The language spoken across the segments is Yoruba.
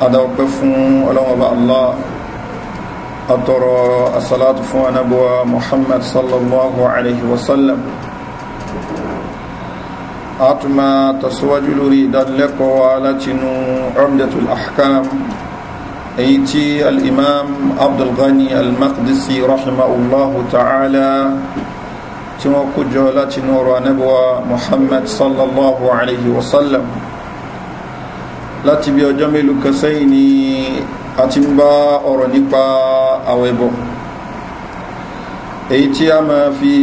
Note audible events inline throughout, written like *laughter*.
adáwọ̀pẹ́ fún ọlọ́wọ́ba allah àtọrọ asalatu fún anábọ̀wá muhammad sallallahu alaihi wasallam a tún máa tàṣíwájú lórí ìdánilẹ́kọ̀ọ́ alátinú umdatul ahkam èyí tí al'imam abdulghani al-maqdisi rahimahullahu ta'ala tí wọ́n kójọ látinú ọrọ̀ anábọ̀wá muhammad sallallahu alaihi wasallam láti bí ọjọ́ mélòó kan sẹ́yìn ni a ti ń bá ọ̀rọ̀ nípa àwẹ̀ bọ̀ èyí tí a máa fi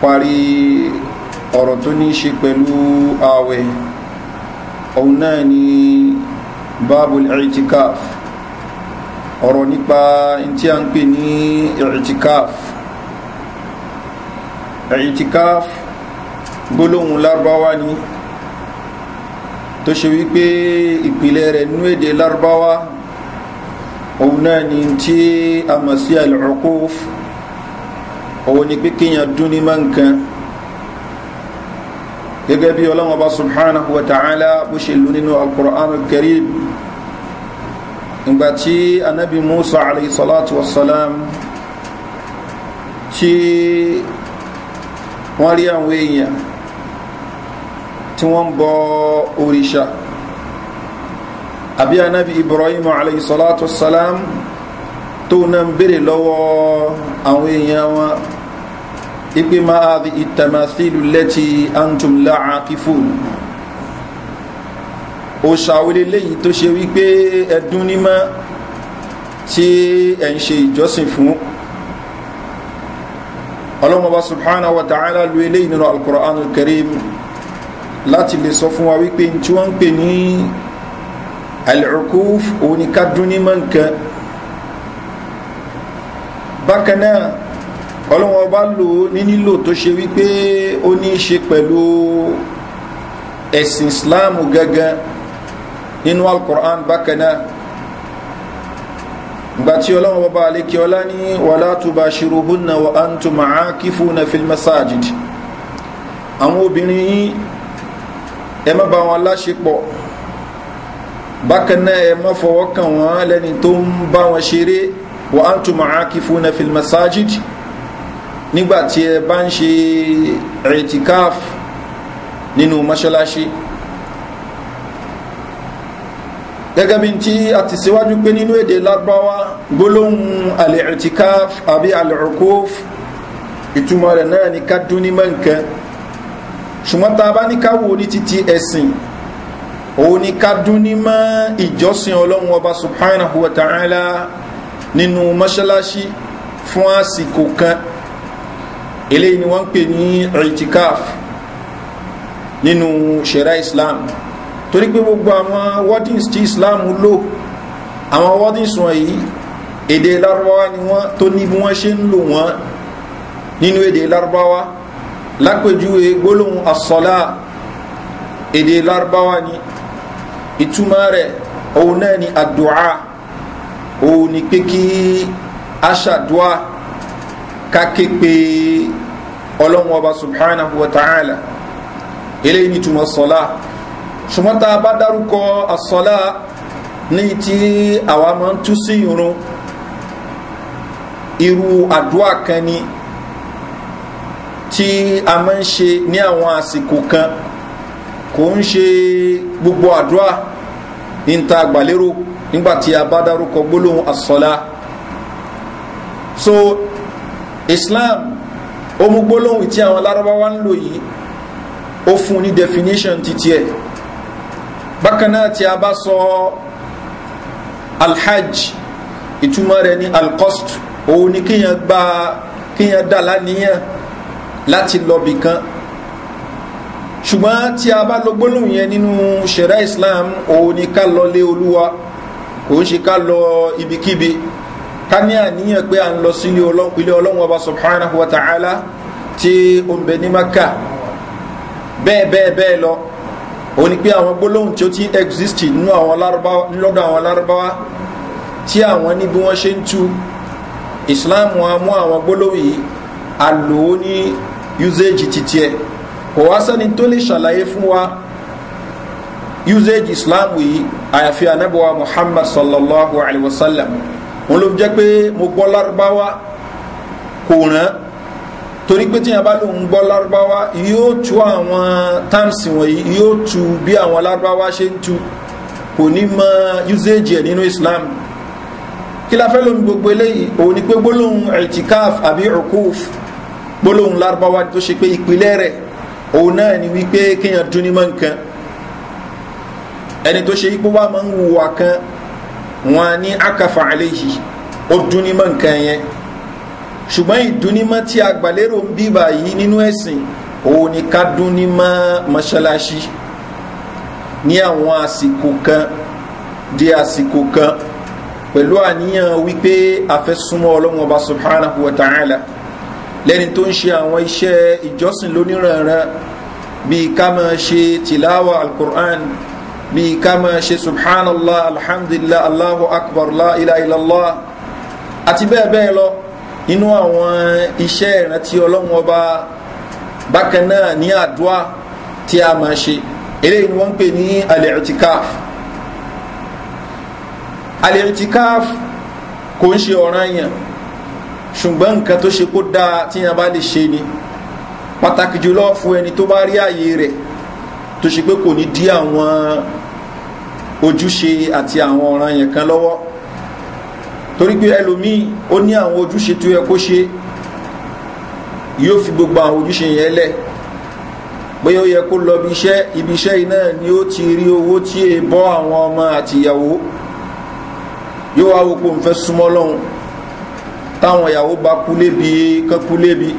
parí ọ̀rọ̀ tó ní ṣe pẹ̀lú àwẹ̀ òun náà ni babul i'tikaf ọ̀rọ̀ nípa tí a ń pè ní i'tikaf i'tikaf gbólóhùn lárúbáwá ni. Irtikaf, tó ṣe wípé ìpìlẹ̀ rẹ̀ nú èdè lárúbáwá òun náà ni tí a mọ̀ sí al-uquf òun ni pé kíyàn dún ní máa ń kan gẹ́gẹ́ bí ọlọ́wọ́n bá subhanahu wa ta'ala bó ṣe lú nínú al-Qur'an al ìgbàtí anábi Musa alayhi salatu wassalam tí wọ́n rí àwọn èèyàn tí wọ́n ń bọ òrìṣà àbí anábi ibrahim aleyhisalatu salam tó na ń bèrè lọ́wọ́ àwọn èèyàn wọn ipe máa di ìtàmásílù lẹ́tí antum láà kífò òṣàwélé léyìí tó ṣe wípé ẹdún nímọ́ tí ẹ̀ ń ṣe ìjọsìn fún ọlọ́mọba subhanahu wa ta'ala lu eléyìí nínú alkùrọ̀ karim láti lè sọ fún wa wípé tí wọ́n ń pè ní al-ukuf òun ni ká dún ní mọ́ǹkan bákan náà ọlọ́wọ́n bá lò ní nílò tó ṣe wípé ó ní í ṣe pẹ̀lú ẹ̀sìn islam gangan nínú al-Qur'an bákan náà gbàtí bá alékè ọlá ní wala tubashiruhunna wa antum aakifuna fil masajid àwọn obìnrin yìí ẹ má bá wọn láṣepọ̀ bákan náà ẹ má fọwọ́ kàn wọ́n lẹ́ni tó ń bá wọn ṣeré wa antum aakifuna fil masajid nígbà tí ẹ bá ń ṣe ẹ̀tìkáf nínú mọ́ṣáláṣí gẹ́gẹ́ bí tí a ti síwájú pé nínú èdè lágbáwá gbólóhùn alẹ́ ẹ̀tìkáf àbí alẹ́ ọ̀kóf ìtumọ̀ rẹ̀ náà ni ká dún ní mọ́ nǹkan ṣùgbọ́n tá a bá ní ká wo ní títí ẹ̀sìn òun ni ká dún ní mọ́ ìjọsìn ọlọ́run ọba subhanahu wa ta'ala nínú mọ́ṣáláṣí fún àsìkò kan eléyìí ni wọ́n ń pè ní itikaf nínú ṣẹ̀rá islam torí pé gbogbo àwọn wordings tí islam lò àwọn wordings wọ̀nyí èdè larabawa ni wọ́n tó ní bí wọ́n ṣe ń lò wọ́n nínú èdè larabawa lápèjúwe gbólóhùn asọ́lá èdè lárúbáwá ni ìtumọ̀ rẹ̀ òun náà ni àdùá òun ni pé kí aṣàdùá káké pé ọlọ́run ọba subhanahu wa ta'ala eléyìí ni ìtumọ̀ sọ́lá ṣùgbọ́n tá a bá dárúkọ asọ́lá ní tí àwa máa ń tú sí irun irú àdúà kan ni tí a máa ń ṣe ní àwọn àsìkò kan kò ń ṣe gbogbo àdúrà ní ta àgbàlérò nígbàtí a bá dárúkọ gbólóhùn àsọlá so islam ó mú gbólóhùn tí àwọn larabawa ń lò yìí ó fún ní definition títí ẹ̀ bákan náà tí a bá sọ alhaj ìtumọ̀ rẹ̀ ní alcost òun ni kíyàn gbá kíyàn dà láníyàn láti lọ́bì kan ṣùgbọ́n tí a bá lo gbólóhùn yẹn nínú ṣẹ̀rá islam òun ni ká lọ lé olúwa kò ń ṣe ká lọ ibikíbi ká ní àníyàn pé à ń lọ sí ilé ọlọ́run ọba subhanahu wa ta'ala tí ó ń bẹ ní maka bẹ́ẹ̀ bẹ́ẹ̀ bẹ́ẹ̀ lọ òun ni pé àwọn gbólóhùn tí ó ti exist nínú àwọn lárúbáwá lọ́dọ̀ àwọn lárúbáwá tí àwọn ní wọ́n ṣe ń tu islam wọn mú àwọn gbólóhùn yìí àlòó ní usage titi ẹ̀ kò wá sẹ́ni tó lè ṣàlàyé fún wa usage islam yìí àyàfi anábọ̀wá muhammad sallallahu alayhi wa sallam wọn ló jẹ́ pé mo gbọ́ lárúbáwá kò rán torí pé tíyẹn bá lóun gbọ́ lárúbáwá yóò tú àwọn táǹsì wọ̀nyí yóò tú bí àwọn lárúbáwá ṣe ń tú kò ní mọ usage ẹ̀ nínú islam kí la fẹ́ lómi gbogbo eléyìí òun ni pé gbólóhùn ẹ̀tìkáf àbí ọkùf gbólóhùn lárúbáwá tó ṣe pé ìpìlẹ̀ rẹ̀ òun náà ni wípé kéèyàn dún ní mọ́ nǹkan ẹni tó ṣe ipò wá máa ń wùwà kan wọn ní akafa àléyìí ó dún ní mọ́ nǹkan yẹn ṣùgbọ́n ìdúnímọ́ tí a gbàlérò ń bíbà yìí nínú ẹ̀sìn òun ni ká dúnímọ́ mọ́ṣáláṣí ní àwọn àsìkò kan di àsìkò kan pẹ̀lú àníyàn wípé a fẹ́ súnmọ́ ọlọ́run ọba subhanahu wa ta'ala lẹ́ni tó ń ṣe àwọn iṣẹ́ ìjọsìn lóníranran bíi ká máa ṣe tìláwà alukur'an bíi ká máa ṣe subhanallah alhamdulillah allahu akbar la ilaha illallah àti bẹ́ẹ̀ bẹ́ẹ̀ lọ nínú àwọn iṣẹ́ ìrántí ọlọ́run ọba bákan náà ní àdúrà tí a máa ṣe eléyìí ni wọ́n ń pè ní alẹ́rìtíkáf alẹ́rìtíkáf kò ń ṣe ọ̀ranyàn ṣùgbọ́n nǹkan tó ṣe kó dáa tí yẹn bá lè ṣe ni pàtàkì jùlọ fún ẹni tó bá rí àyè rẹ̀ tó ṣe pé kò ní dí àwọn ojúṣe àti àwọn ọ̀ràn yẹn kan lọ́wọ́ torí pé ẹlòmíì ó ní àwọn ojúṣe tó yẹ kó ṣe yóò fi gbogbo àwọn ojúṣe yẹn lẹ̀ bóyá ó yẹ kó lọ bí iṣẹ́ ibi iṣẹ́ iná ni ó ti rí owó tí è àwọn ọmọ àti ìyàwó yóò wá wò pé òun fẹ́ súnmọ́ lọ́hùn táwọn ìyàwó bá kúlé bí kán kúlé bí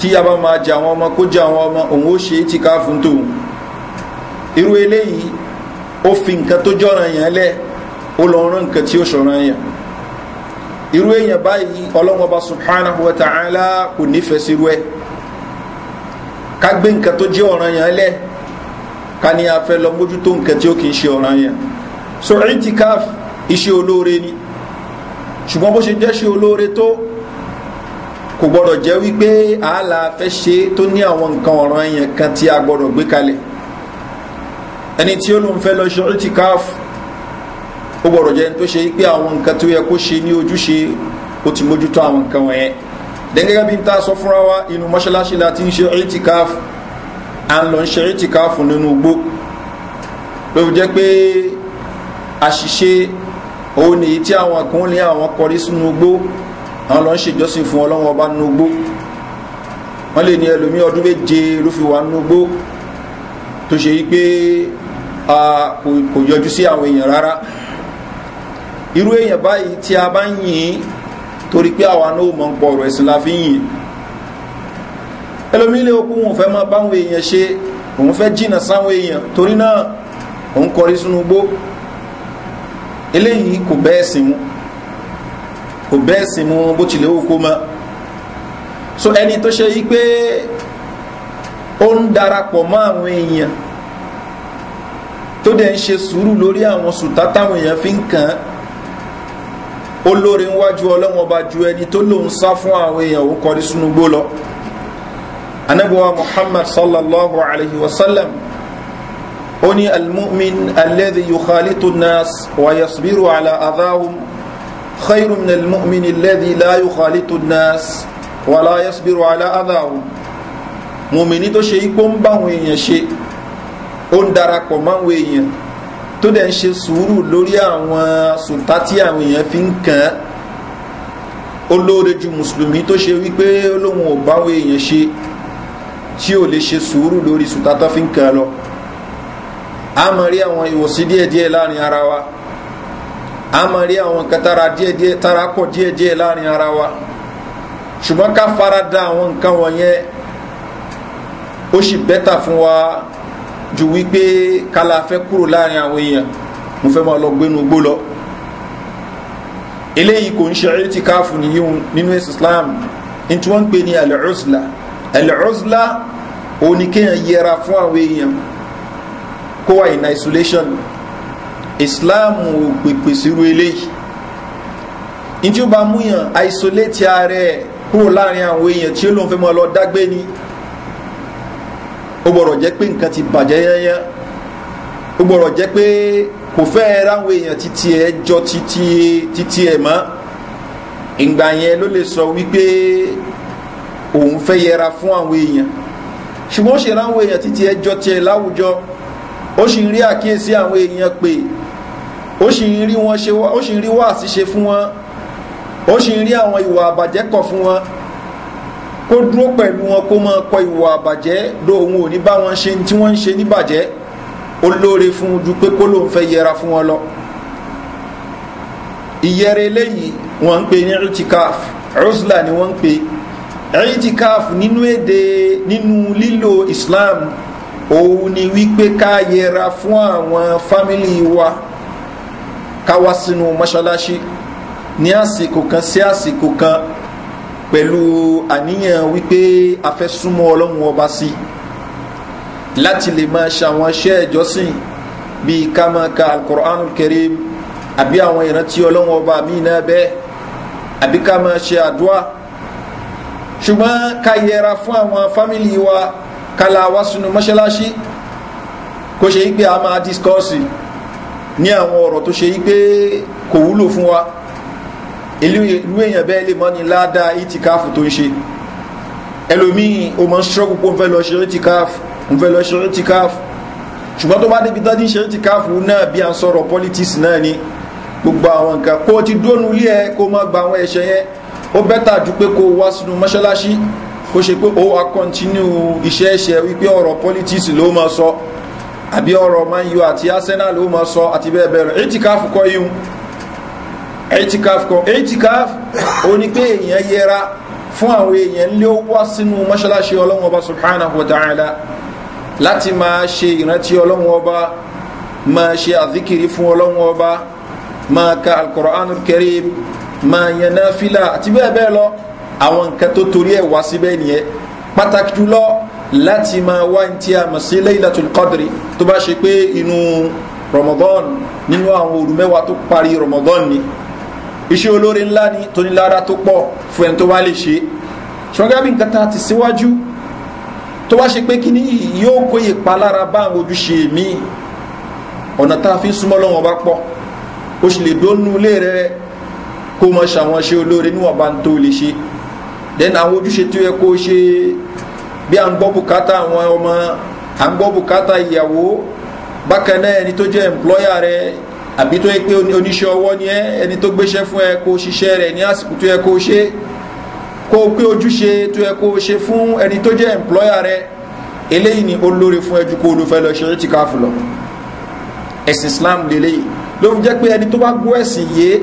tí a bá máa jẹ àwọn ọmọ kó jẹ àwọn ọmọ òun ó ṣe é ti ká fún tòun irú eléyìí ó fi nǹkan tó jọ̀ràn yẹn lẹ̀ ó lọ rán nǹkan tí ó ṣọ̀ràn yẹn irú èèyàn báyìí ọlọ́wọ́n bá subhanahu wa ta'ala kò nífẹ̀ẹ́ sí irú ẹ̀ ká gbé nǹkan tó jẹ́ ọ̀ràn yẹn lẹ̀ ká ní a fẹ́ lọ mójútó nǹkan tí ó kì í ṣe ọ̀ràn yẹn so itikaf iṣẹ́ olóore ni ṣùgbọ́n bó ṣe jẹ́ ṣe olóore tó kò gbọ́dọ̀ jẹ́ wípé àálà fẹ́ ṣe tó ní àwọn nǹkan ọ̀ràn èèyàn kan tí a gbọ́dọ̀ gbé kalẹ̀ ẹni tí ó lóun fẹ́ lọ ṣe ọtí káàfù ó gbọ́dọ̀ jẹ́ tó ṣe pé àwọn nǹkan tó yẹ kó ṣe ní ojúṣe ó ti mójútó àwọn nǹkan wọ̀nyẹn dẹ́gẹ́gẹ́ bí n ta sọ fúnra wa inú mọ́ṣáláṣí la ti ń ṣe ọtí káàfù à ń lọ ń ṣe ọtí káàfù nínú igbó ló fi jẹ́ pé àṣìṣe òun nìyí tí àwọn kan ní àwọn kọrí sínú igbó àwọn lọ ń ṣèjọsìn fún ọlọ́wọ́n ọba nínú igbó wọ́n lè ní ẹlòmí ọdún méje ló fi nínú igbó tó ṣe wípé kò yọjú sí àwọn èèyàn rárá irú èèyàn báyìí tí a bá ń yìn torí pé àwa náà mọ̀ ń pọ̀ ọ̀rọ̀ ẹ̀sìn la fi ń yìn ẹlòmí ilé okùn òun fẹ́ mọ́ báwọn èèyàn ṣe òun fẹ́ jìnà sáwọn èèyàn torí náà òun kọrí sínú igbó eléyìí kò bẹ́ẹ̀ sìn mú kò bẹ́ẹ̀ sìn mú bó tilẹ̀ ó kó mọ́ so ẹni tó ṣe yí pé ó ń darapọ̀ mọ́ àwọn èèyàn tó dẹ̀ ń ṣe sùúrù lórí àwọn sùtá táwọn èèyàn fi ń kàn án olóore ńwájú ọlọ́wọ́n ju ẹni tó lòun sá fún àwọn èèyàn òun kọrí sínú lọ anábọ̀wá muhammad sallallahu alayhi wa sallam ó ní almumin alẹ́dí yukhalitu nas wa yasbiru ala adahum khairu min almumin alẹ́dí la yukhalitu nas wa la yasbiru ala adahum mùmìnì tó ṣe ipò ń bá àwọn èèyàn ṣe ó ń darapọ̀ máwọn èèyàn tó dẹ̀ ń ṣe sùúrù lórí àwọn sùtá tí àwọn èèyàn fi ń kàn án olóore ju mùsùlùmí tó ṣe wípé olóhùn ò báwọn èèyàn ṣe tí ò lè ṣe sùúrù lórí sùtá tó fi ń kàn án a mọ̀ rí àwọn ìwòsí díẹ̀díẹ̀ láàrin ara wa a mọ̀ rí àwọn nǹkan tara díẹ̀díẹ̀ tara kọ̀ díẹ̀díẹ̀ láàrin ara wa ṣùgbọ́n ká fara da àwọn nǹkan wọ̀nyẹn ó sì bẹ́tà fún wa ju wípé kálá fẹ́ kúrò láàrin àwọn èèyàn mo fẹ́ máa lọ gbénu gbó lọ eléyìí kò ń ṣe ẹ̀rẹ́tì káàfù nìyíun nínú ẹ̀sìn islam ní tí wọ́n ń pè ní alẹ́ọ̀sùlá alẹ́ọ̀sùlá òun ni kéèyàn yẹra fún àwọn èèyàn kó wà in isolation islam ò pèpè sírú eléyìí ìjọ múyàn isolate ààrẹ kúrò láàrin àwọn èèyàn tí ó lóun fẹ́ mọ́ lọ dágbé ni ó gbọ́dọ̀ jẹ́ pé nǹkan ti bàjẹ́ yányán ó gbọ́dọ̀ jẹ́ pé kò fẹ́ ráwọn èèyàn títí ẹ jọ títí ẹ mọ́ ìgbà yẹn ló lè sọ wípé òun fẹ́ yẹra fún àwọn èèyàn ṣùgbọ́n ó ṣe ráwọn èèyàn títí ẹ jọ tiẹ̀ láwùjọ ó sì ń rí àkíyèsí àwọn èèyàn pé ó sì ń rí wọn ṣe ó sì ń rí wáàsí ṣe fún wọn ó sì ń rí àwọn ìwà àbàjẹ́ kọ̀ fún wọn kó dúró pẹ̀lú wọn kó máa kọ ìwà àbàjẹ́ dó òun ò ní bá wọn ṣe tí wọ́n ń ṣe níbàjẹ́ olóore fún un pé kó lóun fẹ́ yẹra fún wọn lọ ìyẹrẹ eléyìí wọ́n ń pè ní itikaf rosla ni wọ́n ń pè itikaf nínú èdè nínú lílo islam òun ni wípé ká yẹra fún àwọn fámìlì wa ká wá sínú mọ́ṣáláṣí ní àsìkò kan sí àsìkò kan pẹ̀lú àníyàn wípé a fẹ́ súnmọ́ ọlọ́run ọba sí láti lè máa ṣàwọn iṣẹ́ ìjọsìn bíi ká máa ka alukur'an kẹrim àbí àwọn ìrántí ọlọ́run ọba míì náà bẹ́ẹ̀ àbí ká máa ṣe àdúrà ṣùgbọ́n ká yẹra fún àwọn fámìlì wa. Kala wá sínú mọ́ṣáláṣí kó ṣe wípé a máa discourse ní àwọn ọ̀rọ̀ tó ṣe wípé kò wúlò fún wa ìlú èèyàn bẹ́ẹ̀ lè mọ́ ni ládàá ìtìkáàfù tó ń ṣe ẹlòmíì o mọ́ struggle pé ń fẹ́ lọ ṣe ìtìkáàfù ń fẹ́ lọ ṣe ìtìkáàfù ṣùgbọ́n tó bá débi tó dín ṣe ìtìkáàfù náà bí a ń sọ̀rọ̀ politics náà ni gbogbo àwọn nǹkan kó o ti dónú ilé ẹ kó o má gba àwọn ẹ̀ṣẹ̀ yẹn ó bẹ́tà ju pé kó o wá sínú mọ́ṣáláṣí kó ṣe pé ó wá kọ́ntínú iṣẹ́ ẹ̀ṣẹ̀ wípé ọ̀rọ̀ politics ló máa sọ àbí ọ̀rọ̀ man u àti arsenal ló máa sọ àti bẹ́ẹ̀ bẹ́ẹ̀ rẹ̀ etikaf kọ́ yíhun etikaf kọ́ etikaf ó ní pé èèyàn yẹra fún àwọn èèyàn lé wá sínú mọ́ṣáláṣí ọlọ́run ọba subhanahu wa ta'ala láti máa ṣe ìrántí ọlọ́run ọba máa ṣe àzíkiri fún ọlọ́run ọba máa ka alkùránù kẹrìm ma yẹn náà fílà àti bẹ́ẹ̀ bẹ́ẹ̀ lọ àwọn nǹkan tó torí ẹ̀ wá síbẹ̀ nìyẹn pàtàkì jùlọ láti máa wá ní tí a mọ̀ sí laylatul qadri tó bá ṣe pé inú ramadan nínú àwọn òru mẹ́wàá tó parí ramadan ni iṣẹ́ olóore ńlá ni tó ní lára tó pọ̀ fún ẹni tó wá lè ṣe ṣọ́gá bí nǹkan tá a ti síwájú tó wá ṣe pé kíní yóò kó ìpalára bá àwọn ojúṣe míì ọ̀nà tá a fi súnmọ́ lọ́wọ́ bá pọ̀ o sì lè dónú ilé rẹ kó mọ ṣàwọn ṣe olóore níwọ̀nba tó lè ṣe then àwọn ojúṣe tó yẹ kó ṣe bí à ń gbọ́ bùkátà àwọn ọmọ à ń gbọ́ bùkátà ìyàwó bákan náà ẹni tó jẹ́ employer rẹ àbí tó yẹ pé oníṣẹ́ ọwọ́ ni ẹ ẹni tó gbéṣẹ́ fún ẹ kó ṣiṣẹ́ rẹ ní àsìkò tó yẹ kó ṣe kó pé ojúṣe tó yẹ kó ṣe fún ẹni tó jẹ́ employer rẹ eléyìí ni olóore fún ẹjú kó olùfẹ́ lọ ṣe ti káfù lọ ẹ̀sìn islam lélẹ́yìí ló fi jẹ́ pé ẹni tó bá gbọ́ ẹ̀sìn yìí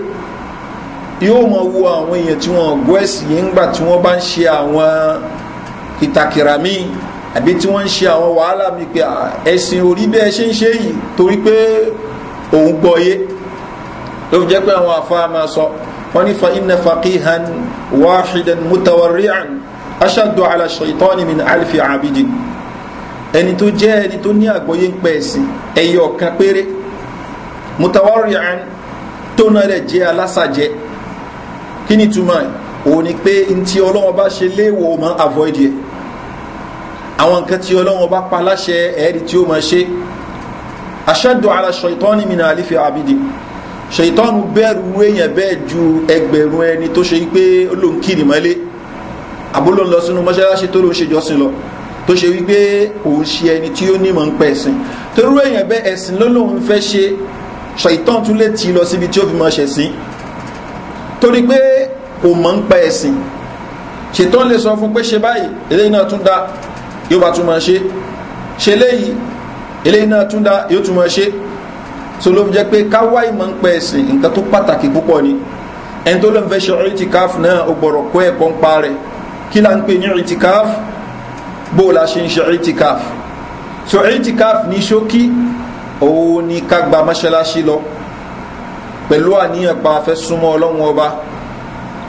yóò mọ wo àwọn èèyàn tí wọn gbọ́ ẹ̀sìn yìí ńgbà tí wọ́n bá ń ṣe àwọn ìtàkìrà míì àbí tí wọ́n ń ṣe àwọn wàhálà míì pé ẹ̀sìn orí bẹ́ẹ̀ ṣe ń ṣe yìí torí pé òun gbọ́ yé ló fi jẹ́ pé àwọn àfáà máa sọ wọ́n ní fa iná faqihan wáhidan mutawarri'an aṣáàdù ala ṣaitani min alfi abidin ẹni tó jẹ́ ẹni tó ní àgbọ́yé ń pẹ́ ẹ̀sìn ẹ̀yọ̀ kan péré mutawarri'an tó náà rẹ̀ jẹ́ alásàjẹ́ kí ni túmọ̀ òun ni pé n tí ọlọ́wọ́n bá ṣe léèwọ̀ o máa avoid yẹ àwọn nǹkan tí ọlọ́wọ́n bá pa láṣẹ ẹ̀ẹ́dì tí ó máa ṣe aṣáájú ara ṣètọ́ ni mi náà àlífẹ́ àbídì ṣètọ́ nu bẹ́ẹ̀rù èèyàn bẹ́ẹ̀ ju ẹgbẹ̀rún ẹni tó ṣe pé ó ló ń kiri mọ́lé àbúlò ń lọ sínú mọ́ṣáláṣí tó ló ń ṣèjọsìn lọ tó ṣe wípé òun ṣe ẹni tí ó nímọ̀ ń pẹ́ ẹ̀sìn torú èèyàn bẹ́ẹ̀ ẹ̀sìn ló fẹ́ ṣe ṣètọ́ tún lè tì lọ síbi tí ó fi mọ́ ṣẹ̀sìn torí pé kò mọ̀ ń pa ẹ̀sìn ṣètọ́n lè sọ fún pé ṣe báyìí eléyìí náà tún dá yóò bá tún máa ṣe ṣe léyìí eléyìí náà tún dá yóò tún máa ṣe so ló fi jẹ́ pé káwá ìmọ̀ ń pa ẹ̀sìn nǹkan tó pàtàkì púpọ̀ ni ẹni tó ló fẹ́ ṣe itikaf náà ó gbọ́dọ̀ kó ẹ̀kọ́ ń pa rẹ̀ kí là ń pè ní itikaf bó la ṣe ń ṣe itikaf so itikaf ní ṣókí òun ni ká gba mọ́ṣáláṣí lọ pẹ̀lú àníyàn pa afẹ́ súnmọ́ ọlọ́run ọba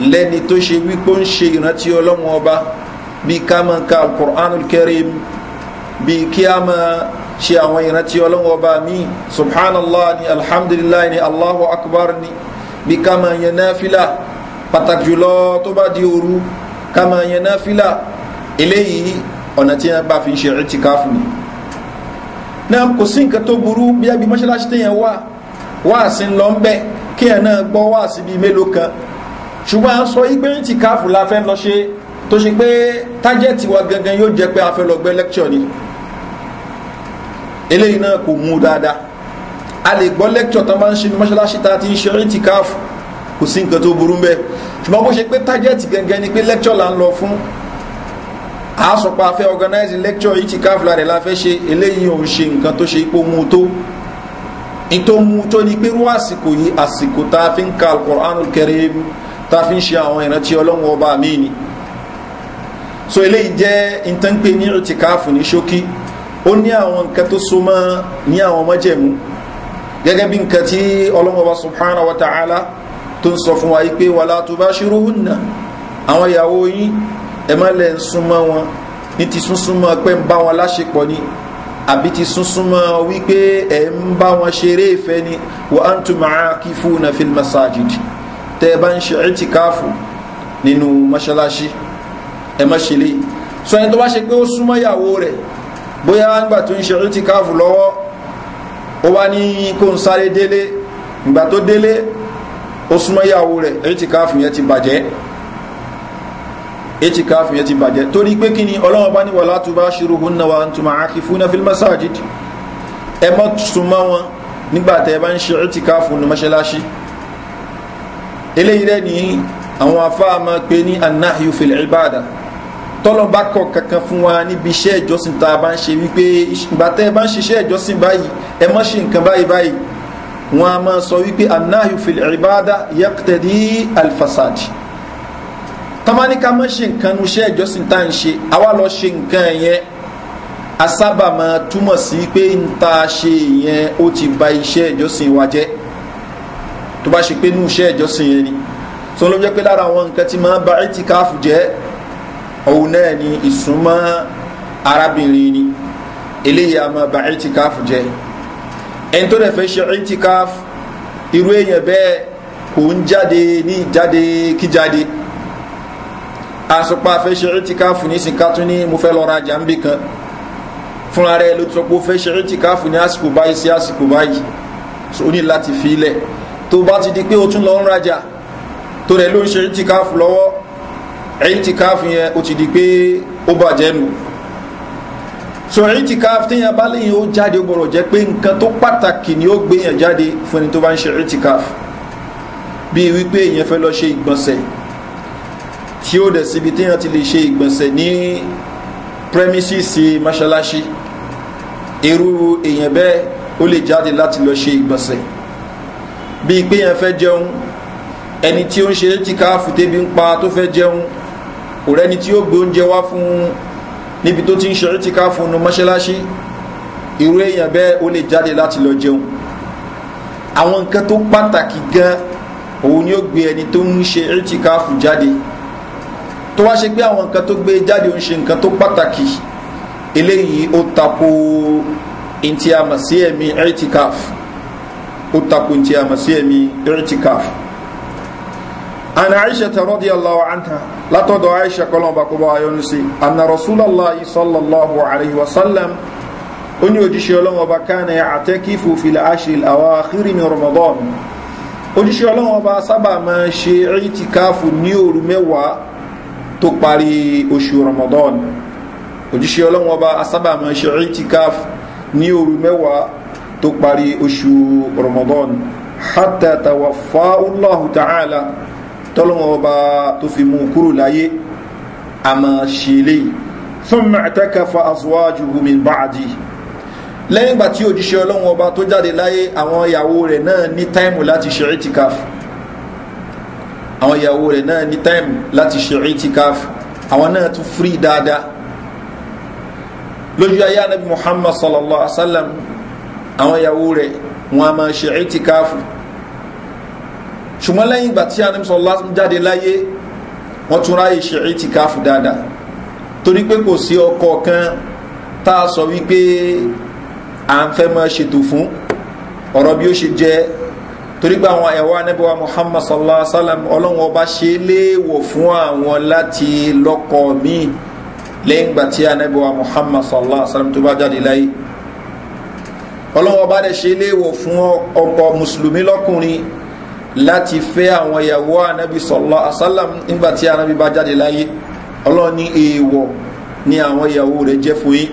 lẹ́ni tó ṣe wípé ó ń ṣe ìrántí ọlọ́run ọba bíi ká máa ka alukur'anul karim bíi kí a máa ṣe àwọn ìrántí ọlọ́run ọba míì subhanallah ni alhamdulilayi ni allahu akbar ni bíi ká máa yan náfìlà pàtàkì jùlọ tó bá di òru ká máa yan náfìlà eléyìí ọ̀nà tí wọ́n bá fi ṣe ìtìkáfù ni náà kò sí nǹkan tó burú bí abimọ́ṣáláṣí téèyàn wà wáàsí ńlọ ń bẹ́ kéèyàn náà gbọ́ wáàsí bíi mélòó kan ṣùgbọ́n a sọ igbe ń ti káàfù la fẹ́ lọ ṣe tó ṣe pé tájẹ́tì wa gangan yóò jẹ́ pé a fẹ́ lọ gbé lẹ́kṣọ̀ ni eléyìí náà kò mú dáadáa a lè gbọ́ lẹ́kṣọ̀ tán bá ń ṣe mọ́ṣáláṣí ta ti ń ṣe ń ti káàfù kò sí nǹkan tó burú mbẹ́ ṣùgbọ́n bó ṣe pé tájẹ́tì gangan ni pé lẹ́kṣọ̀ là ń lọ fún a sọ pé a fẹ́ organize lecture yìí ti káàfù la rẹ̀ la fẹ́ ṣe eléyìí ò ń ṣe nǹkan tó ṣe ipò mú tó ìtò mú tó ni pé irú àsìkò yìí àsìkò tá a fi ń ka alukoran kẹrin tá a fi ń ṣe àwọn ìrántí ọlọ́run ọba míì ni so eléyìí jẹ́ ìtànpé ní ìtìkáàfù ní ṣókí ó ní àwọn nǹkan tó so mọ́ ní àwọn mọ́jẹ̀mú gẹ́gẹ́ bí nǹkan tí ọlọ́run ọba subhanahu wa ta'ala tó ń sọ fún wa pé wàlá tó bá ṣírò hùn náà àwọn ìyàwó yín ẹ má lẹ́ ń súnmọ́ wọn ní ti súnsúnmọ́ pé ń bá wọn láṣepọ̀ ni àbí ti súnsúnmọ́ wípé ẹ̀ ń bá wọn ṣeré ìfẹ́ ni wa antum aakifuna fil masajid tẹ́ ẹ bá ń ṣe ẹ̀tìkáàfù nínú mọ́ṣáláṣí ẹ má ṣe lé sọ ẹni tó bá ṣe pé ó súnmọ́ ìyàwó rẹ̀ bóyá nígbà tó ń ṣe ẹ̀tìkáàfù lọ́wọ́ ó wá ní kó ń sáré délé ìgbà tó délé ó súnmọ́ ìyàwó rẹ̀ ẹ̀tìkáàfù yẹn ti bàjẹ́ ẹ̀tìkáàfù yẹn ti bàjẹ́ torí pé kí ni ọlọ́wọ́n bá ní wala tubashiruhunna wa antum aakifuna fil masajid ẹ má súnmọ́ wọn nígbà tẹ́ ẹ bá ń ṣe ẹ̀tìkáàfù ní mọ́ṣáláṣí eléyìí rẹ ní àwọn afáàmà pé ní anahyu fil ibada tọ́lọ́ bá kọ̀ kankan fún wa níbi iṣẹ́ ìjọsìn tá a bá ń ṣe wípé ìgbà tẹ́ ẹ bá ń ṣiṣẹ́ ìjọsìn báyìí ẹ mọ́ ṣe nǹkan báyìí báyìí wọn a máa sọ wípé anahyu fil ibada yaqtadi alfasad tamani ká ṣe nǹkan nu iṣẹ́ ìjọsìn tá à ń ṣe àwa lọ ṣe nǹkan yẹn asábà máa túmọ̀ sí pé ń ta ṣe yẹn ó ti ba iṣẹ́ ìjọsìn wa jẹ́ tó bá ṣe pé inú iṣẹ́ ìjọsìn yẹn ni tó ló jẹ́ pé lára àwọn nǹkan tí máa ń ba ìtìkáàfù jẹ́ òun náà ni ìsúnmọ́ arábìnrin ni eléyìí a máa ba ìtìkáàfù jẹ́ ẹni tó dẹ̀ fẹ́ ṣe ìtìkáàfù irú èèyàn bẹ́ẹ̀ kò ń jáde ní ìjáde kíjáde àsopá fẹ́ ṣe ìtìkáàfù ní sìnkátú ní mo fẹ́ lọ rajà ń bì kan fúnra rẹ̀ ló sọ pé ó fẹ́ ṣe ìtìkáàfù ní àsìkò báyìí sí àsìkò báyìí ó ní láti fi ilẹ̀ tó bá ti di pé o tún lọ ń rajà tó rẹ̀ ló ń ṣe ìtìkáàfù lọ́wọ́ ìtìkáàfù yẹn o ti di pé ó bàjẹ́ nù so ìtìkáàfù téèyàn bá léyìn ó jáde ó gbọ́dọ̀ jẹ́ pé nǹkan tó pàtàkì ni ó gbéyàn jáde fún ẹni tó bá ń ṣe ìtìkáàfù bíi wípé èèyàn fẹ́ lọ ṣe ìgbọ̀nsẹ̀ tí ó dẹ̀ síbi téèyàn ti lè ṣe ìgbọ̀nsẹ̀ ní premises mọ́ṣáláṣí irú èèyàn bẹ́ẹ̀ ó lè jáde láti lọ ṣe ìgbọ̀nsẹ̀ bíi pé yẹn fẹ́ jẹun ẹni tí ó ń ṣe létí káàfù tébi ń pa tó fẹ́ jẹun kò rẹ́ni tí ó gbé oúnjẹ wá fún níbi tó ti ń ṣe létí káàfù nu mọ́ṣáláṣí irú èèyàn bẹ́ẹ̀ ó lè jáde láti lọ jẹun àwọn nǹkan tó pàtàkì gan òun ni ó gbé ẹni tó ń ṣe létí káàfù jáde tó wá ṣe pé àwọn nǹkan tó gbé e jáde ń ṣe nǹkan tó pàtàkì eléyìí ó tapo ntí a mọ̀ sí ẹ̀mí ẹ̀rítíkáàfù ó takun tí a mọ̀ sí ẹ̀mí irtikaf an aisha ta rọ́dí allahu anha látọ̀dọ̀ aisha kọlọ̀mbà kó bá ayọ́nu sí anna rasulallah sallallahu alaihi wasallam ó ní òjíṣẹ́ ọlọ́wọ́ bá kánà ya àtẹ́kífò filẹ̀ ashil àwọn àkírí ní ramadan òjíṣẹ́ ọlọ́wọ́ bá sábà máa ṣe irtikafu ní òru mẹ́wàá tó parí oṣù ramadan òjíṣẹ́ ọlọ́wọ́ bá sábà máa ṣe irtikafu ní òru mẹ́wàá tó parí oṣù ramadan hatta tawafa allahu ta'ala tọ́lọ́wọ́ ọba tó fi mú kúrò láyé a máa ṣe léyìí fún mẹ́tẹ́kà fa aṣíwájú omi báàdì lẹ́yìn ìgbà tí òjíṣẹ́ ọlọ́run ọba tó jáde láyé àwọn ìyàwó rẹ̀ náà ní táìmù láti ṣe itikaf àwọn ìyàwó rẹ̀ náà ní táìmù láti ṣe itikaf àwọn náà tún firi dáadáa lójú ayé anabi muhammad sallallahu alaihi wa àwọn ìyàwó rẹ̀ wọn a máa ṣe ẹ̀tìkáàfù ṣùgbọ́n lẹ́yìn ìgbà tí Ànábì sallallahu alaihi wasallam jáde láyé wọ́n tún ráyè ṣe ẹ̀tìkáàfù dáadáa torí pé kò sí ọkọ kan tá a sọ wípé à ń fẹ́ máa ṣètò fún ọ̀rọ̀ bí ó ṣe jẹ́ torí pé àwọn ẹ̀wọ́ Ànábì Muhammad sallallahu alaihi wasallam ọlọ́run ọba ṣe léèwọ̀ fún àwọn láti lọ́kọ míì lẹ́yìn ìgbà tí Ànábì Muhammad sallallahu alaihi wasallam tó bá jáde láyé ọlọ́wọ́ bá dẹ̀ ṣe léèwọ̀ fún ọkọ mùsùlùmí lọ́kùnrin láti fẹ́ àwọn ìyàwó anabi sọ̀lọ́ asálàm nígbà tí anabi bá jáde láyé ọlọ́wọ́ ní èèwọ̀ ni àwọn ìyàwó rẹ̀ jẹ́ fún yín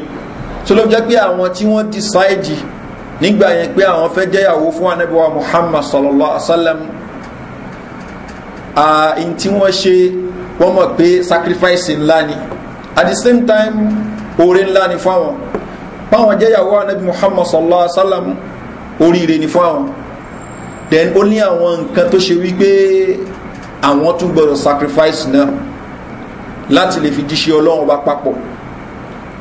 tó ló jẹ́ pé àwọn tí wọ́n dísáìdì nígbà yẹn pé àwọn fẹ́ jẹ́yàwó fún anabi wa muhammad sọ̀lọ́ asálàm ààyìn tí wọ́n ṣe wọ́n mọ̀ pé sacrifice ńlá ni at the same time oore ńlá ni fáwọn báwọn jẹ́yàwó anabi muhammad sallallahu alaihi wa sallam oríire ni fún àwọn then ó ní àwọn nǹkan tó ṣe wípé àwọn tún gbọdọ̀ sacrifice náà láti lè fi jíṣẹ́ ọlọ́run bá papọ̀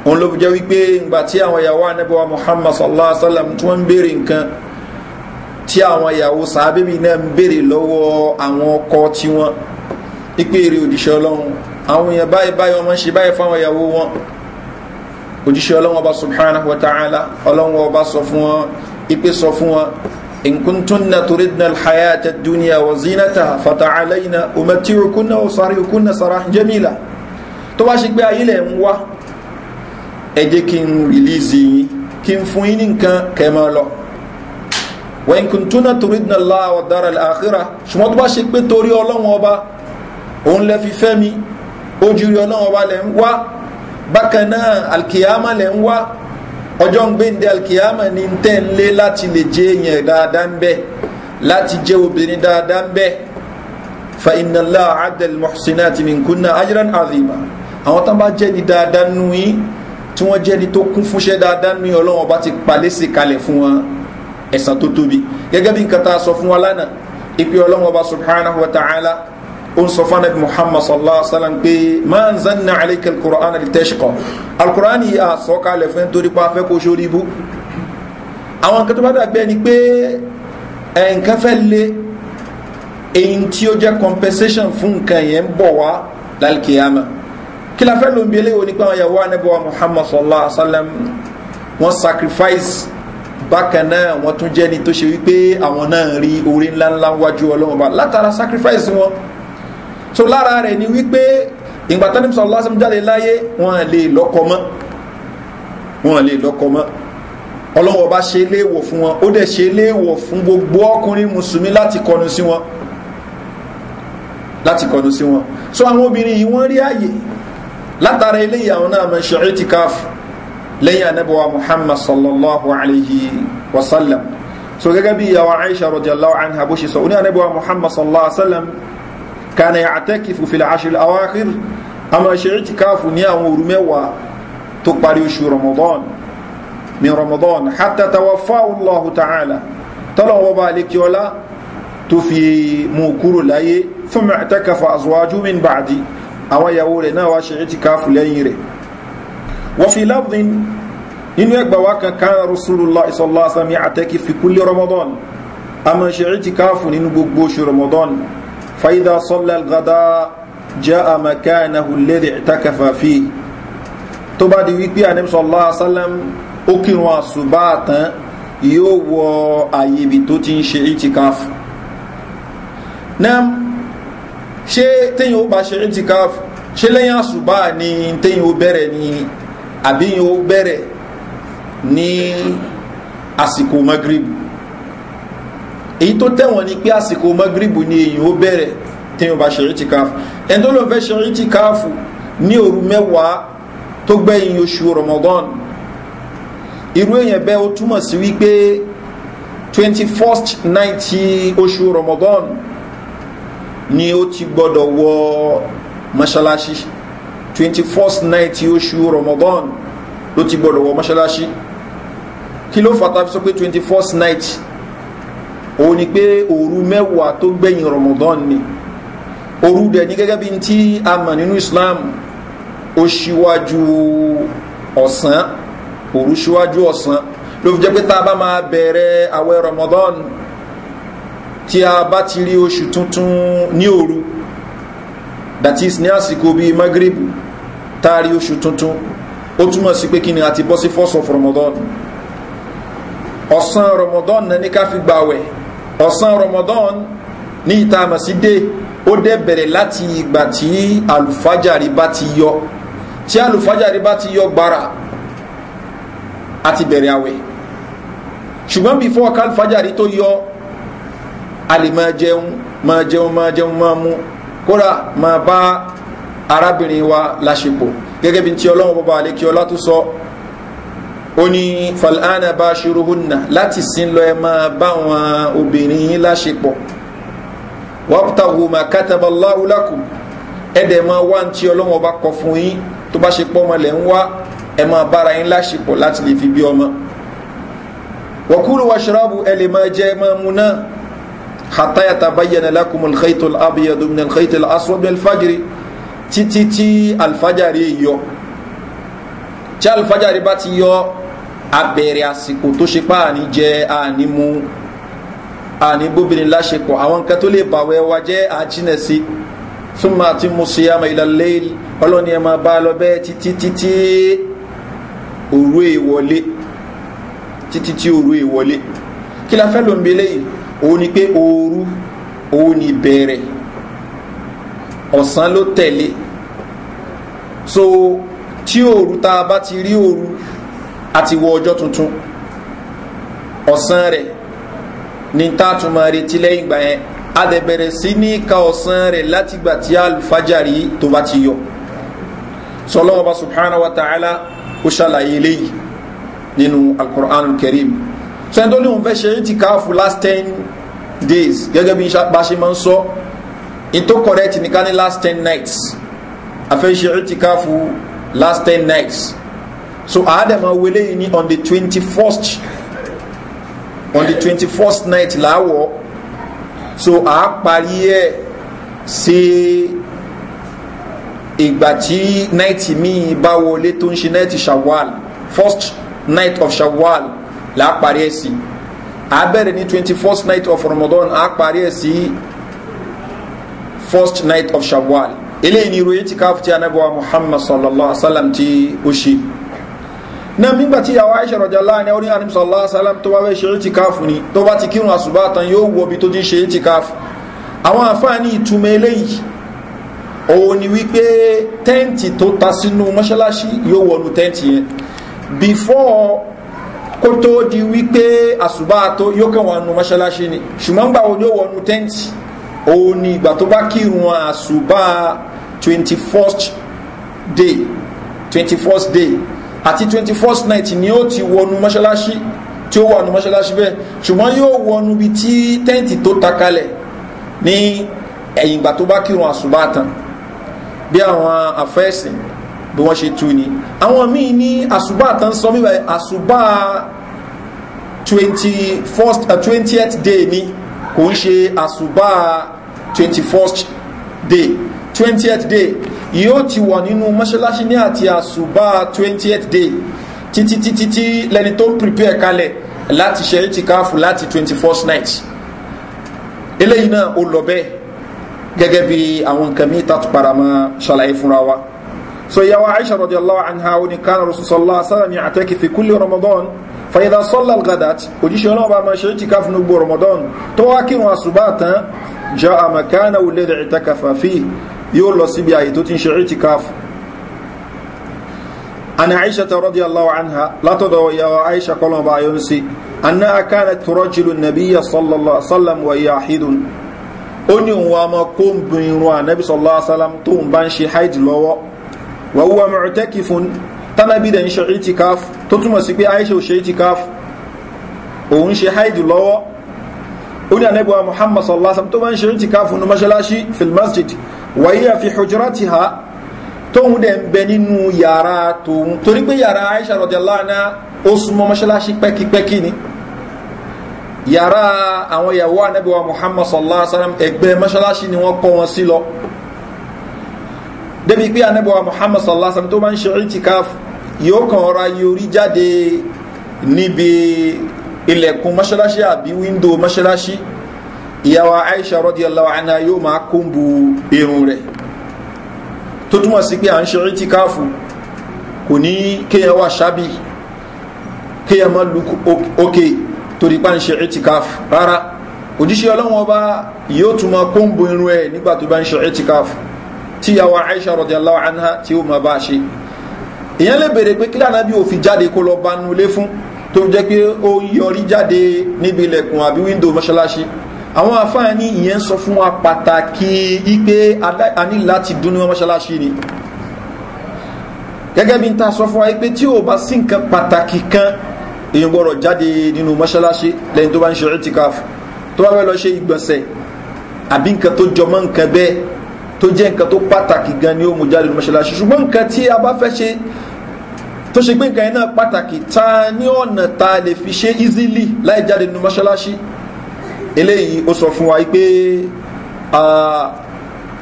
òun ló fi jẹ́ wípé ìgbà tí àwọn ìyàwó anabi wa muhammad sallallahu alaihi wa sallam tí wọ́n ń béèrè nǹkan tí àwọn ìyàwó sàábẹ́bí náà ń béèrè lọ́wọ́ àwọn ọkọ tiwọn ìpèrè òjíṣẹ́ ọlọ́run àwọn èèyàn báyìí báyìí wọ́n máa ń ṣe báyìí fáwọn ìyàwó wọn òjíṣẹ́ ọlọ́wọ́n ọba subhanahu wa ta'ala ọlọ́wọ́n ọba sọ fún wọn ipe sọ fún wọn inkuntunna turidna alhayata dunya wa zinata fata'alayna umatiukunna wa sariukunna sarahan jamila tó bá ṣe pé ayé lẹ̀ ń wá ẹ jẹ́ kí n rìlíìsì yín kí n fún yín ní kẹmọ lọ wa inkuntunna turidna allah wa dara al ṣùgbọ́n tó bá ṣe pé torí ọlọ́wọ́n ọba òun lẹ fi fẹ́ mi ojú lẹ̀ ń wá bákan náà alkiyama lẹ̀ ń wá ọjọ́ ń gbéǹde alkiyama ní tẹ́ ń lé láti lè jẹ́ èèyàn dáadáa ń bẹ́ láti jẹ́ obìnrin dáadáa ń bẹ́ fa inna allah adal muhsinati min kunna ajran azima àwọn tán bá jẹ́ ni dáadáa nù yín tí wọ́n jẹ́ ni tó kún fúnṣẹ́ dáadáa nù yín ọlọ́wọ́n bá ti palẹ́sì kalẹ̀ fún wọn ẹ̀sán tó tóbi gẹ́gẹ́ bí nǹkan tá a sọ fún wa lánàá ìpè ọlọ́wọ́n bá subhanahu wa ta'ala ó ń sọ fún anabi muhammad sallallahu alaihi wa sallam pé máa ń zanna alayka alukur'an alitẹ́ṣikọ́ alukur'an yìí àsọkalẹ̀ fún ẹni tó dípa afẹ́ kó sórí ibú àwọn kan tó bá ni pé nǹkan fẹ́ le èyí tí ó jẹ́ compensation fún nǹkan yẹn ń bọ̀ wá lálkìyàmà kí la fẹ́ ló ń bi eléyìí onípa àwọn yàwó anabi wa muhammad sallallahu alaihi wa sallam wọ́n sacrifice bákan náà wọ́n tún jẹ́ ni tó ṣe wípé àwọn náà rí orí ńláńlá wájú ọlọ́wọ́n látara sacrifice wọn so lára rẹ̀ ni wípé ìgbà tó ní sọ lásán jáde láyé wọn lè lọ́kọ mọ́ wọn lè lọ́kọ mọ́ ọlọ́wọ́ bá ṣe léèwọ̀ fún wọn ó dẹ̀ ṣe léèwọ̀ fún gbogbo ọkùnrin mùsùlùmí láti kọnu sí wọn láti kọnu sí wọn so àwọn obìnrin yìí wọ́n rí àyè látara eléyìí àwọn náà máa ń ṣe itikaf lẹ́yìn anábọ̀wá muhammad sallallahu alayhi wa sallam so gẹ́gẹ́ bí ìyàwó aisha radiyallahu anha bó sọ oní anábọ̀wá muhammad sallallahu alayhi wa sallam kana ya'takifu fil ashri al-awakhir a máa ṣe ìtìkáàfù ní àwọn òru mẹ́wàá tó parí oṣù ramadan min ramadan hatta tawaffahu allah ta'ala tọ́lọ́wọ́ bá lè kí ọlá tó fi mú kúrò láyé fún mẹ́tẹ́kàfà azwaju min ba'di àwọn ìyàwó rẹ̀ náà wá ṣe ìtìkáàfù lẹ́yìn rẹ̀ wọ́n fi lábùdín nínú ẹgbà wá kan kára rasulullah sallallahu alaihi wasallam ya'takifu fi kulli ramadan a máa ṣe ìtìkáàfù nínú gbogbo oṣù ramadan فإذا صلى الغداء جاء مكانه الذي اعتكف فيه tó bá di wípé ànábì sallallahu alaihi wasallam ó kírun àsùbá tán yóò wọ àyè ibi tó ti ń ṣe itikaf náà ṣé téyìn ó bá ṣe itikaf ṣé lẹ́yìn àsùbá ni téyìn ó bẹ̀rẹ̀ ni àbí yóò bẹ̀rẹ̀ ní àsìkò magrib èyí tó tẹ̀wọ̀n ni pé àsìkò mọ́gíríbù ni èyí ó bẹ̀rẹ̀ téèyàn bá ṣe rìtìkáfù ẹni tó ló fẹ́ ṣe rìtìkáfù ní òru mẹ́wàá tó gbẹ̀yìn oṣù ramadan irú èèyàn bẹ́ẹ̀ ó túmọ̀ sí wípé twenty first night oṣù ramadan ni ó ti gbọ́dọ̀ wọ mọ́ṣáláṣí twenty first night oṣù ramadan ló ti gbọ́dọ̀ wọ mọ́ṣáláṣí kí ló fàtà fi sọ pé twenty first night òun ni pé òru mẹ́wàá tó gbẹ̀yìn ramadan ni òru dẹ̀ ní gẹ́gẹ́ bí n tí a mọ̀ nínú islam ó ṣíwájú ọ̀sán òru ṣíwájú ọ̀sán ló fi jẹ́ pé tá a bá máa bẹ̀rẹ̀ àwẹ̀ ramadan tí a bá ti rí oṣù tuntun ní òru that is ní àsìkò bíi maghreb tá a rí oṣù tuntun ó túmọ̀ sí pé kí ni a ti bọ́ sí first of ramadan ọ̀sán ramadan náà ní ká fi gbàwẹ̀ ọ̀sán Ramadan ní ìta màsídé ó dẹ̀ bẹ̀rẹ̀ láti ìgbà tí alùfájàrí bá ti yọ tí alùfájàrí bá ti yọ gbára àti bẹ̀rẹ̀ àwẹ̀ ṣùgbọ́n before kálùfájàrí tó yọ a lè máa jẹun máa jẹun máa jẹun máa mú kódà máa bá arábìnrin wa láṣepọ̀ gẹ́gẹ́ bí ti ọlọ́run bọ́ba àlékí ọlá tó sọ ó ní falana bashiruhunna láti sin lọ ẹ máa bá wọn obìnrin yín láṣepọ̀ wabtaghu ma kataballahu lakum ẹ̀dẹ̀ máa wá ní tí ọlọ́wọ́n bá kọ fún yín tó bá ṣe pọ́ ọmọlẹ̀ ń wá ẹ máa bára yín láṣepọ̀ láti lè fi bí ọmọ wakulu washrabu ẹ lè máa jẹ máa mu náà hatta yatabayyana lakum alkhaytul abyadu min alkhaytil aswad min alfajri títí tí alfajari yọ tí alifájáde bá ti yọ abẹ̀rẹ̀ àsìkò tó ṣe pa àní jẹ àní mu àní bóbìnrin láṣepọ̀ àwọn nǹkan tó lè bàwẹ́ wa jẹ́ àjínà sí fún máa ti mú sí àmà ìlàlẹ́ ọlọ́ni ẹ̀ máa bá lọ bẹ́ẹ̀ títí títí òru ìwọlé títí tí òru ìwọlé kí la fẹ́ ló ń belé yìí òun ni pé òru òun ni bẹ̀rẹ̀ ọ̀sán ló tẹ̀lé so tí òru ta bá ti rí òru àti wọ ọjọ́ tuntun ọ̀sán rẹ̀ ní tààtùmọ̀ retí lẹ́yìn ìgbà yẹn a dẹ̀ bẹ̀rẹ̀ sí ní ka ọ̀sán rẹ̀ látìgbà tí alùfájàrí tó bá ti yọ sọlọ́wọ́ bá subhanahu wa ta'ala ó ṣàlàyé eléyìí nínú alukur'an kẹrim sẹ́ńtọ́ ní òun fẹ́ ṣe é ti káàfù last ten days gẹ́gẹ́ bí bá ṣe máa ń sọ in correct nìkan ní last ten nights a fẹ́ ṣe é ti káàfù last ten nights so Adam awele yìí ní on the twenty first on the twenty first night láwọ̀ so a á parí ẹ̀ ìgbà tí night mi bá wọlé tó ń ṣe night shawal first night of shawal la á parí ẹ̀ sí bẹ̀rẹ̀ ní twenty first night of ramadan a á parí ẹ̀ first night of shawal eléyìí ni irú etikafu ti anabiwa muhammad sallallahu alaihi wasallam ti ó ṣe náà nígbà tí yàwó aisha rọjà láàrin orí àníbi sallallahu alaihi wasallam tó bá fẹ́ ṣe etikafu ni tó bá ti kírun àṣùbá tán yóò wọ bí tó ti ń ṣe etikafu àwọn àǹfààní ìtumọ̀ eléyìí òun ni wípé tẹ́ǹtì tó ta sínú mọ́ṣáláṣí yóò wọnú tẹ́ǹtì yẹn before kó tó di wípé àṣùbá tó yóò kàn wọnú mọ́ṣáláṣí ni ṣùgbọ́n gbà wo ni ó wọnú tẹ́ǹtì òun ni ìgbà tó bá kírun àṣùbà twenty first day twenty first day àti twenty first night ni ó ti wọnú mọ́ṣáláṣí tí ó wà nù mọ́ṣáláṣí bẹ́ẹ̀ ṣùgbọ́n yóò wọnú bí tí tẹ́ǹtì tó ta kalẹ̀ ní ẹ̀yìn ìgbà tó bá kírun àṣùbà tán bí àwọn àfẹ́sìn bí wọ́n ṣe tú ni àwọn míì ní àṣùbà tán sọ mí báyìí àṣùbà twenty first uh, twentieth day ni kò ń ṣe àṣùbà twenty first day twentieth day yóò ti wà nínú mọ́ṣáláṣí ní àti àṣùbà twentieth day títí títí tí lẹni tó ń prepare kalẹ̀ láti ṣe ìtìkáfù láti twenty first night eléyìí náà ó lọ bẹ́ẹ̀ gẹ́gẹ́ bí àwọn nǹkan mi tàtú para mọ́ ṣàlàyé fúnra wa so ìyàwó aisha radiyallahu anha ó ní kánà rasulullah sallallahu alaihi wasallam ya'taki fi kulli ramadan fàyídà sọ́lá gadat òjíṣẹ́ ọlọ́ọ̀bá máa ṣe é ti káfínú gbò ramadan tó wá kírun àṣùbà tán jẹ́ àmàkánà olè rẹ̀ ìtàkàfà fi yóò lọ síbi àyè tó ti ń ṣe é ti káfù عن عائشة رضي الله عنها لا تدعو يا عائشة قلنا بعيونسي أنها كانت ترجل النبي صلى الله عليه وسلم وهي حيد أني وما قوم بنوا النبي صلى الله عليه وسلم توم بانشي حيد لو وهو معتكف tánàbí dẹ̀ ń ṣe itikaf tó túnmọ̀ sí pé aisha ò ṣe itikaf òun ṣe haidu lọ́wọ́ ó ní anẹ́bọ̀wà muhammad sallasam tó máa ń ṣe itikaf nínú mọ́ṣáláṣí filmasjid wàyí àfi hujurati ha tóun dẹ̀ ń bẹ nínú yàrá tóun torí pé yàrá aisha radiyallahu anha ó súnmọ́ mọ́ṣáláṣí pẹ́kipẹ́kí ni yàrá àwọn ìyàwó anẹ́bọ̀wà muhammad sallasam ẹgbẹ́ mọ́ṣáláṣí ni wọ́n kọ́ wọn sí lọ débi pé anẹ́bọ̀wà muhammad sallasam tó máa ń ṣe itikaf yóò kàn ọ̀rá yorí jáde níbi ilẹ̀kùn mọ́ṣáláṣí àbí wíńdò mọ́ṣáláṣí ìyàwó aisha rọ́díọ̀lá àná yóò máa kóńbu irun rẹ̀ tó túmọ̀ sí pé à ń ṣe rí tíkáàfù kò ní kéèyàn wà ṣábì kéèyàn má lu òkè torí pa ń ṣe rí tíkáàfù rárá òjíṣẹ́ ọlọ́wọ́n bá yóò tún máa kóńbu irun ẹ̀ nígbà tó bá ń ṣe rí tíkáàfù tíyàwó aisha rọ́díọ̀lá àná tí ó máa bá ṣe èyàn lè bèèrè pé kílà náà bí o fi jáde kó lọ bá nulé fún tó jẹ́ pé ó yọrí jáde níbi ilẹ̀kùn àbí wíńdò mọ́ṣáláṣí àwọn afáà ní ìyẹn sọ fún wa pàtàkì ipé a ní láti dún ní mọ́ṣáláṣí ni gẹ́gẹ́ bí n ta sọ fún wa pé tí o bá sí nǹkan pàtàkì kan èyàn gbọ́rọ̀ jáde nínú mọ́ṣáláṣí lẹ́yìn tó bá ń ṣe rìtìkaf tó bá fẹ́ lọ ṣe ìgbọ̀nsẹ̀ àbí nǹkan tó jọmọ́ nǹkan bẹ́ẹ̀ tó jẹ́ nǹkan tó pàtàkì gan ni ó mú jáde nínú mọ́ṣáláṣí ṣùgbọ́n nǹkan tí a bá fẹ́ ṣe tó ṣe pé nǹkan yẹn náà pàtàkì ta ní ọ̀nà ta lè fi ṣe easily láì jáde nínú mọ́ṣáláṣí eléyìí ó sọ fún wa pé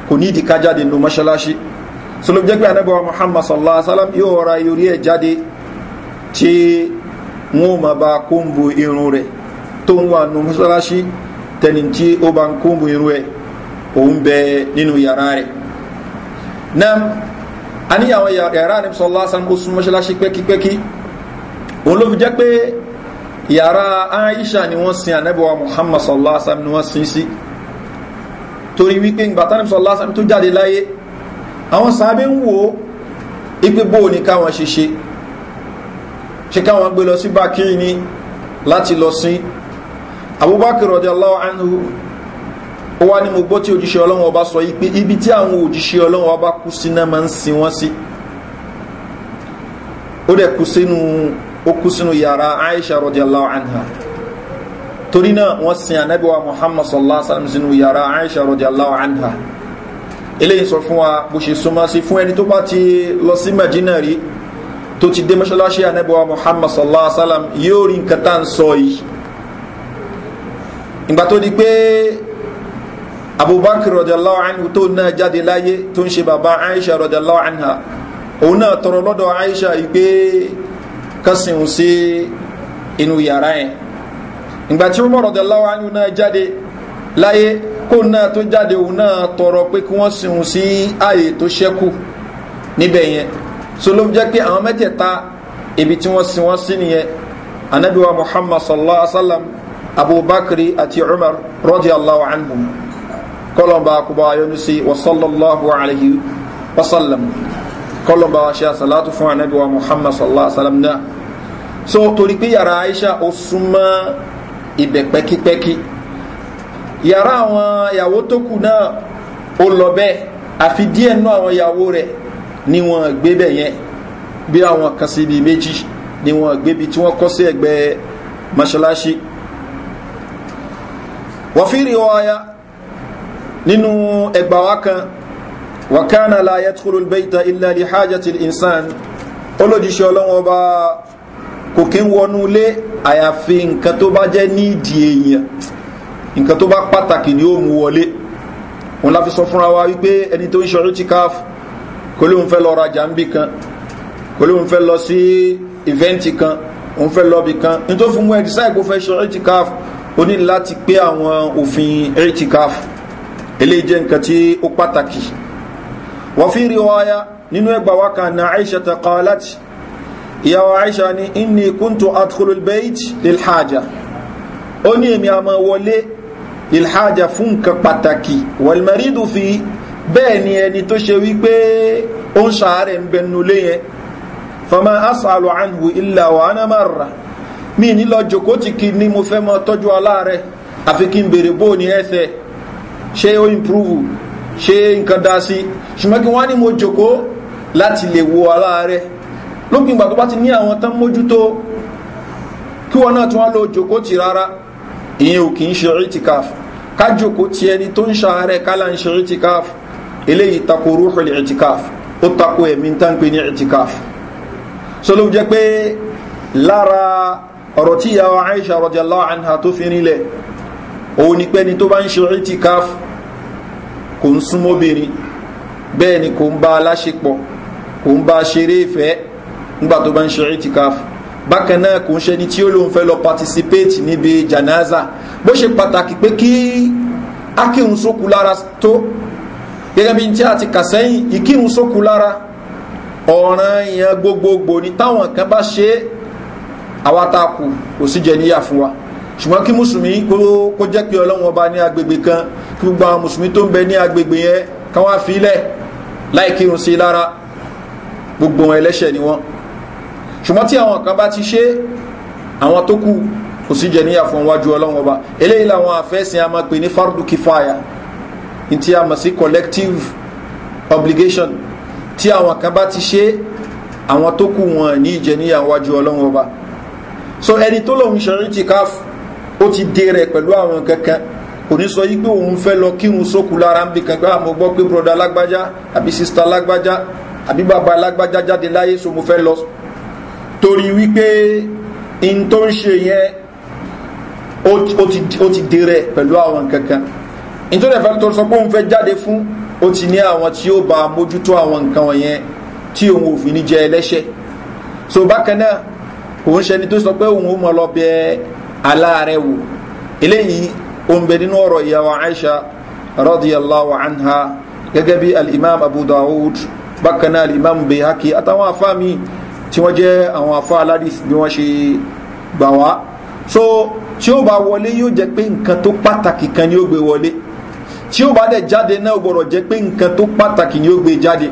kò ní ìdíká jáde nínú mọ́ṣáláṣí sọlọ́m jẹ́ pé anábọ̀wá muhammad sallallahu alaihi wasallam yóò ra yorí ẹ̀ jáde tí wọ́n ma ba kóńbù irun rẹ̀ tó ń wà nínú mọ́ṣáláṣí tẹni tí ó ba kóńbù irun rẹ̀ òun bẹ nínú yàrá rẹ̀ náà a ní àwọn yàrá ànábì sallallahu alaihi wasallam ó sún mọ́ṣáláṣí pẹ́kípẹ́kí òun ló fi jẹ́ pé yàrá Aisha ni wọ́n sin ànábì wa Muhammad sallallahu alaihi wasallam ni wọ́n sin sí torí wípé ìgbà tí ànábì sallallahu alaihi wasallam tó jáde láyé àwọn sàábé ń wo ipe bó ní káwọn ṣe ṣe káwọn gbé lọ sí bákìrì ní láti lọ sin Abubakar radiyallahu anhu ó wá ní mo gbọ́ tí òjíṣẹ́ ọlọ́run ọba sọ yìí pé ibi tí àwọn òjíṣẹ́ ọlọ́run ọba kú sí náà máa ń sin wọ́n sí ó dẹ̀ kú sínú ó kú sínú yàrá aisha rọjàlá anha torí náà wọ́n sin anabi muhammad sallallahu alaihi wa sallam yàrá aisha rọjàlá anha eléyìí sọ fún wa bó ṣe súnmọ́ sí fún ẹni tó bá ti lọ sí madina rí tó ti dé mọ́ṣáláṣí anabi muhammad sallallahu alaihi wa sallam yóò rí nǹkan tá à ń sọ yìí ìgbà tó di pé abubakar rọdàláwà anhu tó náà jáde láyé tó ń ṣe bàbá aisha rọdàláwà anha òun náà tọrọ lọ́dọ̀ aisha yìí pé kásìnwó sí inú yàrá yẹn ìgbà tí umar rọdàláwà anhu náà jáde láyé kó náà tó jáde òun náà tọrọ pé kí wọ́n sìnwó sí ààyè tó ṣẹ́kù níbẹ̀ yẹn so ló jẹ́ pé àwọn mẹ́tẹ̀ẹ̀ta ibi tí wọ́n sin wọ́n sí nìyẹn anabiwa muhammad sallallahu alaihi wa sallam abubakar àti umar rọdàláwà anhu kọlọmba akọba ayọ́nu sí wasallallahu alayhi wasallam kọlọmba wa ṣe àsàlátù fún anabi wa muhammad sallallahu alayhi wa sallam náà so torí pé yàrá aisha ó súnmọ́ ibẹ̀ pẹ́kípẹ́kí yàrá àwọn ìyàwó tó kù náà ó lọ bẹ́ẹ̀ àfi díẹ̀ náà àwọn ìyàwó rẹ̀ ni wọ́n gbé bẹ̀ yẹn bí àwọn kan sí ibi méjì ni wọ́n gbé bi tí wọ́n kọ́ sí ẹgbẹ́ mọ́ṣáláṣí wọ́n fi rí nínú ẹgbàwá kan wàkánà láyé tukúrú bẹ́ẹ̀ta ilẹ̀ lè hajjati insan olójíṣẹ́ ọlọ́wọ́n bá kò kí ń wọnú ilé àyàfi nǹkan tó bá jẹ́ nídìí èèyàn nǹkan tó bá pàtàkì ni ó mú wọlé wọn láfi sọ fúnra wa wípé ẹni tó ń ṣọrí ti káf kò lóun fẹ́ lọ rajà ń bì kan kò lóun fẹ́ lọ sí ìvẹ́ǹtì kan òun fẹ́ lọ́bì kan ní tó fún mú ẹ̀ dísáì kó fẹ́ ti káf ó ní láti pé àwọn òfin eléyìí jẹ́ nǹkan tí ó pàtàkì wọ́n fi riwaya nínú ẹgbà wa kan na aisha ta qalat ìyàwó aisha ni inni kuntu adkhulu albayt lilhaja ó ní èmi àmọ́ wọlé lilhaja fún nǹkan pàtàkì walmaridu fi bẹ́ẹ̀ ni ẹni tó ṣe wípé ó ń ṣàárẹ̀ ń yẹn fama as'alu anhu illa wa ana marra mi ní lọ jòkó ti kí ni mo fẹ́ mọ tọ́jú aláàrẹ̀ àfi n bèrè bóò ní ẹsẹ̀ ṣé ó improve ṣé nǹkan dá sí ṣùgbọ́n kí wọ́n ní mo jòkó láti lè wo ara rẹ̀ lópin ìgbà tó bá ti ní àwọn tán mójútó kí wọ́n náà tún wá lo jòkó ti rárá ìyẹn ò kì í ṣe itikaf ká jòkó ti ẹni tó ń ṣàárẹ̀ kálá ń ṣe itikaf eléyìí tako rúhùn itikaf ó tako ẹ̀mí tán pé ní itikaf so ló jẹ́ pé lára ọ̀rọ̀ tí ìyàwó Aisha radiyallahu anha tó fi rinlẹ̀ òun ni pẹ́ni tó bá ń ṣe itikaf kò ń súnmọ́ obìnrin bẹ́ẹ̀ ni kò ń bá aláṣepọ̀ kò ń bá ṣeré ìfẹ́ nígbà tó bá ń ṣe itikaf bákan náà kò ń ṣẹni tí ó lóun fẹ́ lọ participate níbi janaza bó ṣe pàtàkì pé kí akíhun sókù lára tó gẹ́gẹ́ bí tí a ti kà sẹ́yìn ìkíhun sókù lára ọ̀ràn èèyàn gbogbogbò ni táwọn kan bá ṣe àwátakù kò sí jẹ níyà fún wa ṣùgbọ́n kí mùsùlùmí kó jẹ́ pé ọlọ́run ọba ní agbègbè kan kí gbogbo àwọn mùsùlùmí tó ń bẹ ní agbègbè yẹn káwọn àfilẹ̀ láì kírun sí lára gbogbo wọn ẹlẹ́ṣẹ̀ ni wọn ṣùgbọ́n tí àwọn kan bá ti ṣe àwọn tó kù kò sí jẹ níyà fún wájú ọlọ́run ọba eléyìí làwọn àfẹ́sìn a máa pè ní fardu kifaya tí a mọ̀ sí collective obligation tí àwọn kan bá ti ṣe àwọn tó kù wọn ní ìjẹ wájú ọlọ́run ọba so ẹni tó lòun ṣe orí káfù ó ti dé rẹ̀ pẹ̀lú àwọn kankan kò ní sọ yípe òun fẹ́ lọ kírun sókù lára ń bi kan pé àmọ́ ah, gbọ́ pé broda lágbájá àbí sista lágbájá àbí bàbá lágbájá jáde láyé so mo fẹ́ lọ torí wípé in tó ń ṣe yẹn ó ti dé rẹ̀ pẹ̀lú àwọn kankan in tó dẹ̀ fẹ́ tó sọ pé òun fẹ́ jáde fún ó ti ní àwọn tí ó bá mójútó àwọn nǹkan wọ̀nyẹn tí òun ò ní jẹ ẹlẹ́ṣẹ̀ so bákan náà òun ṣẹni tó sọ pé òun ó mọ lọ bẹ́ẹ̀ aláàrẹ̀ wò eléyìí oúnbẹ nínú ọ̀rọ̀ ìyàwó aisha radiyallahu anha gẹ́gẹ́ bí al-imam abu dawud bákan náà al-imam bayhaki àtàwọn afá mi tí wọ́n jẹ́ àwọn afá aládìs bí wọ́n ṣe so tí ó bá wọlé yóò jẹ́ pé nǹkan tó pàtàkì kan ni ó gbé wọlé tí ó bá dẹ̀ jáde náà gbọ́dọ̀ jẹ́ pé nǹkan tó pàtàkì ni ó gbé jáde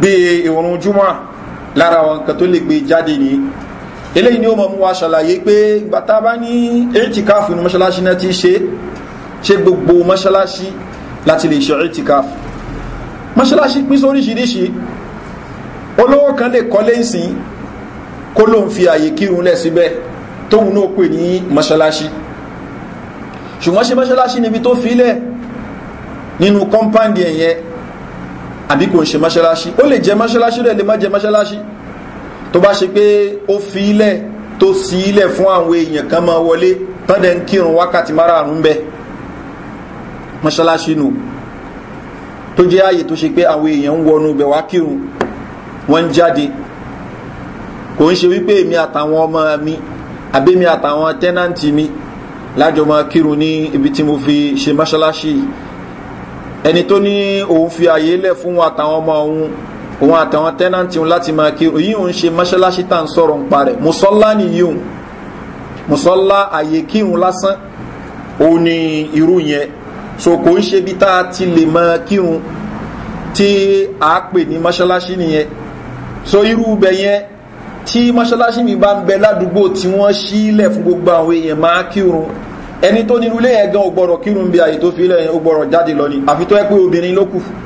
bí ìwọ̀n ojúmọ́ lára àwọn nǹkan tó lè gbé jáde nìyí eléyìí ni ó mọ̀ mú wa ṣàlàyé pé gbàtà bá ní etikaf ní mọ́ṣáláṣí náà ti ṣe ṣe gbogbo mọ́ṣáláṣí láti lè ṣe etikaf mọ́ṣáláṣí pín sóríṣiríṣi olówó kan lè kọ́ lẹ́sìn kó ló ń fi àyè kírun lẹ̀ síbẹ̀ tóun náà pè ní mọ́ṣáláṣí ṣùgbọ́n ṣe mọ́ṣáláṣí níbi tó filẹ̀ nínú kọ́mpáǹdì ẹ̀yẹn àbí kò ń ṣe mọ́ṣáláṣí ó lè jẹ mọ́ṣáláṣí rẹ̀ lè má jẹ mọ́ṣáláṣí tó bá ṣe pé ó fi ilẹ̀ tó sí ilẹ̀ fún àwọn èèyàn kan máa wọlé tọ́dẹ̀ ń kírun wákàtí márààrún bẹ́ mọ́ṣáláṣí nù tó jẹ́ ààyè tó ṣe pé àwọn èèyàn ń wọnú bẹ̀ wá kírun wọ́n ń jáde kò ń ṣe wípé èmi àtàwọn ọmọ mi àbẹ́mi àtàwọn tẹ́nàntì mi lájọ máa kírun ní ibi tí mo fi ṣe mọ́ṣáláṣí ẹni tó ní òun fi ààyè lẹ̀ fún àtàwọn ọmọ òun òun àtàwọn tẹ́nàntì òun láti máa kí òyìn òun ṣe mọ́ṣáláṣí tá à ń sọ̀rọ̀ ń parẹ̀ mùsọ́lá nìyí òun mùsọ́lá àyè kí òun lásán òun ni irú yẹn so kò ń ṣe bí tá a ti lè máa kí òun tí a pè ní mọ́ṣáláṣí nìyẹn so irú ibẹ̀ yẹn tí mọ́ṣáláṣí mi bá ń bẹ ládùúgbò tí wọ́n ṣílẹ̀ fún gbogbo àwọn èèyàn máa kírun ẹni tó nínú ilé yẹn gan ò kírun bí àyè tó fi lẹ́yìn ó jáde lọ ni àfi tó yẹ pé obìnrin ló kù fún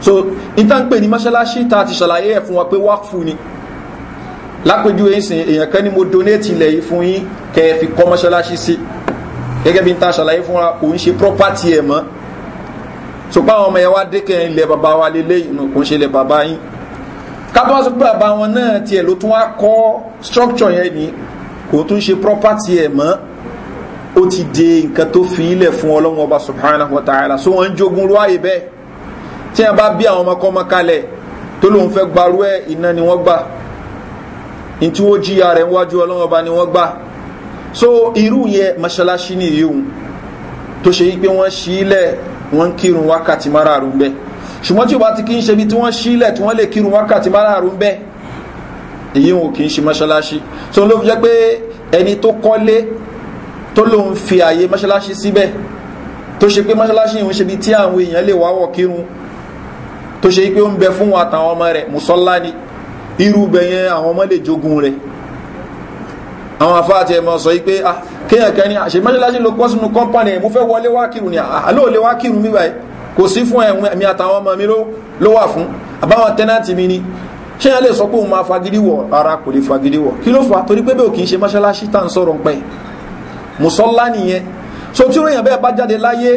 so ìtàn pè ní mọ́ṣáláṣí ta ti ṣàlàyé ẹ̀ fún wa pé wákùú ni lápèjúwe ń èèyàn kan ní mo donate ilẹ̀ yìí fún yín kẹ́ ẹ fi kọ́ mọ́ṣáláṣí sí gẹ́gẹ́ bí n ta ṣàlàyé fún wa kò ń ṣe property ẹ̀ mọ́ so pa àwọn ọmọ yẹn wá dé ilẹ̀ bàbá wa lélẹ̀ inú kò ń ṣe ilẹ̀ bàbá yín kápẹ́ wá sọ pé bàbá wọn náà tiẹ̀ ló tún wá kọ́ structure yẹn ni kò tún ṣe property ẹ̀ mọ́ ó ti de nǹkan tó fi ilẹ̀ fún ọlọ́run ọba subhanahu wa ta'ala so wọ́n ń jogún ruwáyé bẹ́ẹ̀ tí a bá bí àwọn ọmọkọ́mọ kalẹ̀ tó lóun fẹ́ gbarú ẹ̀ iná ni wọ́n gbà ní tí wọ́n jíya rẹ̀ wájú ọlọ́run ọba ni wọ́n gbà so irú yẹn mọ́ṣáláṣí ni ìyóhun tó ṣe wípé wọ́n ṣílẹ̀ wọ́n ń kírun wákàtí márààrún bẹ́ẹ̀ ṣùgbọ́n tí o bá ti kí ń ṣe bí tí wọ́n ṣílẹ̀ tí wọ́n lè kírun wákàtí márààrún bẹ́ẹ̀ èyí wọn kì í ṣe mọ́ṣáláṣí tó ló fi jẹ́ pé ẹni tó kọ́lé tó lòun fi àyè mọ́ṣáláṣí síbẹ̀ tó ṣe pé mọ́ṣáláṣí ìhun ṣe bí tí àwọn èèyàn lè wáwọ̀ kírun tó ṣe pé ó ń bẹ fún wa àtàwọn ọmọ rẹ̀ musọ́lá ni irú bẹ yẹn àwọn ọmọ lè jogun rẹ̀ àwọn afáàtì ẹ̀mọ́ sọ pé ah kéèyàn kan ní àṣemáṣáláṣí ló kọ́ sínú kọ́mpánì ẹ̀ mo fẹ́ wọlé wá kírun ni ah, àlọ́ lè wá kírun mi báyìí kò sí fún ẹ̀mí àtàwọn ọmọ mi ló wà fún àbáwọn tẹ́nàtì mi ni ṣé yẹn lè sọ pé òun máa fagidi wọ̀ ara kò lè fagidi wọ̀ kí ló fà torí pé bẹ́ẹ̀ kì í ṣe máṣáláṣí tá à ń sọ̀rọ̀ ń pẹ́ musọ́lá nìyẹn so tí ó rèyàn bẹ́ẹ̀ bá jáde láyé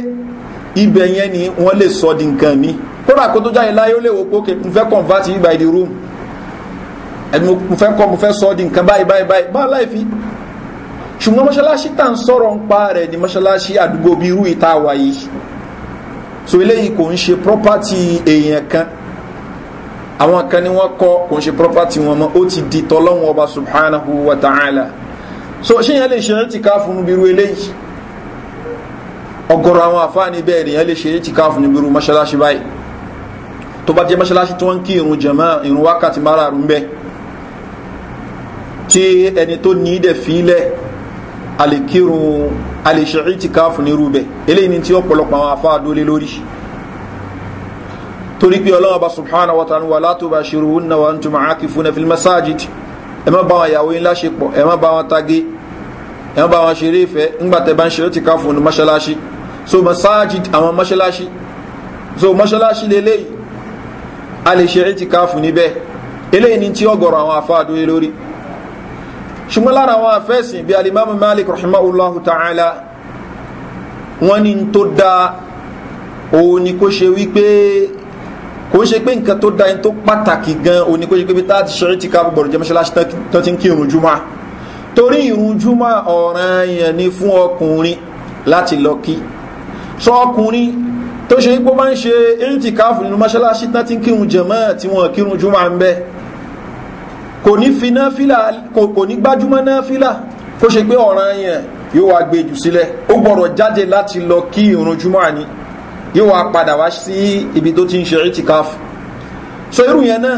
ibẹ̀ yẹn ni wọ́n lè sọ di nǹkan mi kódà kó tó jáde láyé ó lè wò pókè mo fẹ́ convert yìí by the room ẹni mo fẹ́ kọ́ mo fẹ́ sọ di nǹkan báyìí báyìí báyìí bá láì fi ṣùgbọ́n mọ́ṣáláṣí tá ń sọ̀rọ̀ ń pa rẹ̀ ni mọ́ṣáláṣí àdúgbò bíi irú ìta wa yìí so eléyìí kò ń ṣe property èèyàn kan àwọn kan ni wọ́n kọ́ kò ń ṣe property wọn mọ́ ó ti di tọ́lọ́wọ́n ọba subhanahu wa ta'ala so ṣé yẹn lè ṣe ẹ́ ti ká fún un bí irú eléyìí ọgọrọ àwọn àfáàní bẹ́ẹ̀ nìyẹn lè ṣe é ti káàfù níbi irú mọ́ṣáláṣí báyìí tó bá jẹ́ mọ́ṣáláṣí tí wọ́n ń kí irun jẹ̀mọ́ irun wákàtí márààrún bẹ́ẹ̀ tí ẹni tó ní dẹ̀ fílẹ̀ a lè kírun a lè ṣe é ti káàfù nírú bẹ́ẹ̀ eléyìí ni tí ọ̀pọ̀lọpọ̀ àwọn àfáà dólé lórí torí pé ọlọ́wọ́ bá subhanahu wa ta'ala wà látò bá ṣe ruhun náà wọ́n tún máa kí fún ẹfìlì masajid ẹ bá wọn yàwó yín láṣepọ̀ ẹ bá wọn tagé ẹ bá wọn ṣeré ìfẹ́ ńgbàtẹ̀ bá ń ṣe ó ti ká fún mọ́ṣáláṣí so masajid àwọn mọ́ṣáláṣí so mọ́ṣáláṣí lélẹ́yìí a lè ṣe ìtìkáfù níbẹ̀ eléyìí ni tí ọgọ̀rọ̀ àwọn afáàdó lórí ṣùgbọ́n lára àwọn afẹ́sìn bí alimamu malik rahimahullahu ta'ala wọ́n ni tó da òun ni kó ṣe wípé kò ń ṣe pé nǹkan tó da tó pàtàkì gan òun ni kó ṣe pé tá ti ṣe ìtìkáfù gbọ̀rọ̀ jẹ́ mọ́ṣáláṣí tó ti ń kí irun júmọ́ torí irun júmọ́ ọ̀ràn yẹn ni fún ọkùnrin láti lọ kí sọ ọkùnrin tó ṣe ipò máa ń ṣe irintikafu nínú mọ́ṣáláṣí tán ti ń kírun jẹ̀mọ́ tí wọ́n kírun jùmọ̀ ń bẹ́ kò ní fi náfìlà kò ní gbájúmọ́ náfìlà kó ṣe pé ọ̀ràn yẹn yóò wá gbé jù sílẹ̀ ó gbọ́dọ̀ jáde láti lọ kí irun jùmọ̀ ni yóò wá padà wá sí ibi tó ti ń ṣe irintikafu so irú yẹn náà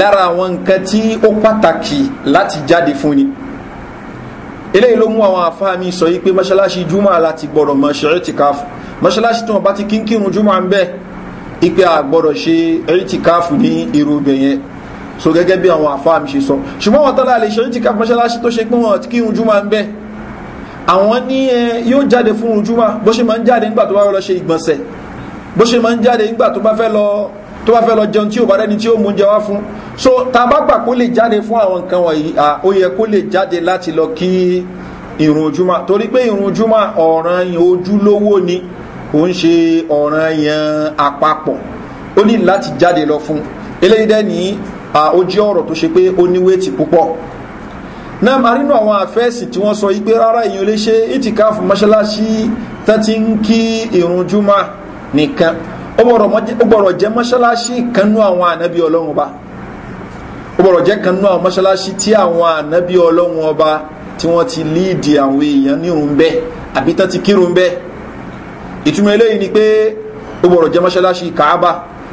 lára àwọn nǹkan tí ó pàtàkì láti jáde fún ni eléyìí ló mú àwọn àfáà mi sọ yí pé mọ́ṣáláṣí jùmọ̀ láti gbọ́dọ̀ mọ̀ ṣe mọ́ṣáláṣí tí wọ́n bá ti kí ń kírun jùmọ̀ à ń bẹ́ ipe àgbọ̀dọ̀ ṣe ẹ̀rítìkáàfù ní irú ibẹ̀ yẹn so gẹ́gẹ́ bí àwọn àfáà mi ṣe sọ ṣùgbọ́n wọ́n tọ́lá lè ṣe ẹ̀rítìkáàfù mọ́ṣáláṣí tó ṣe pé wọ́n ti kírun jùmọ̀ à ń bẹ́ àwọn ní ẹ yóò jáde fún ojúmọ́ bó ṣe máa ń jáde nígbà tó bá lọ ṣe ìgbọ̀nsẹ̀ bó ṣe máa ń jáde nígbà tó bá fẹ́ lọ jẹun tí ò bá rẹ́ni tí ó mú jẹ wá fún so ta bá gbà kó lè jáde fún àwọn nǹkan wọ̀nyí ó yẹ kó lè jáde láti lọ kí ìrùn ojúmọ́ torí pé ìrùn ojúmọ́ ọ̀ràn ojú lówó ni kò ń ṣe ọ̀ràn yẹn àpapọ̀ ó ní láti jáde lọ fún eléyìí dẹ́ ní ojú ọ̀rọ̀ tó ṣe pé ó ní wéètì púpọ̀ náà máa nínú àwọn àfẹ́ẹ̀sì tí wọ́n sọ yí pé rárá èèyàn lè ṣe ìtìkáfù mọ́ṣáláṣí tán ti ń kí ìrun júmọ́ nìkan ó gbọ́dọ̀ jẹ́ mọ́ṣáláṣí kanú àwọn ànábì ọlọ́run ọba ó gbọ́dọ̀ jẹ́ kanú àwọn mọ́ṣáláṣí tí àwọn ànábì ọlọ́run ọba tí wọ́n ti líìdì àwọn èèyàn nírun bẹ́ẹ̀ àbí tán ti kírun bẹ́ẹ̀ ìtumọ̀ eléyìí ni pé ó gbọ́dọ̀ jẹ́ mọ́ṣáláṣí kàábà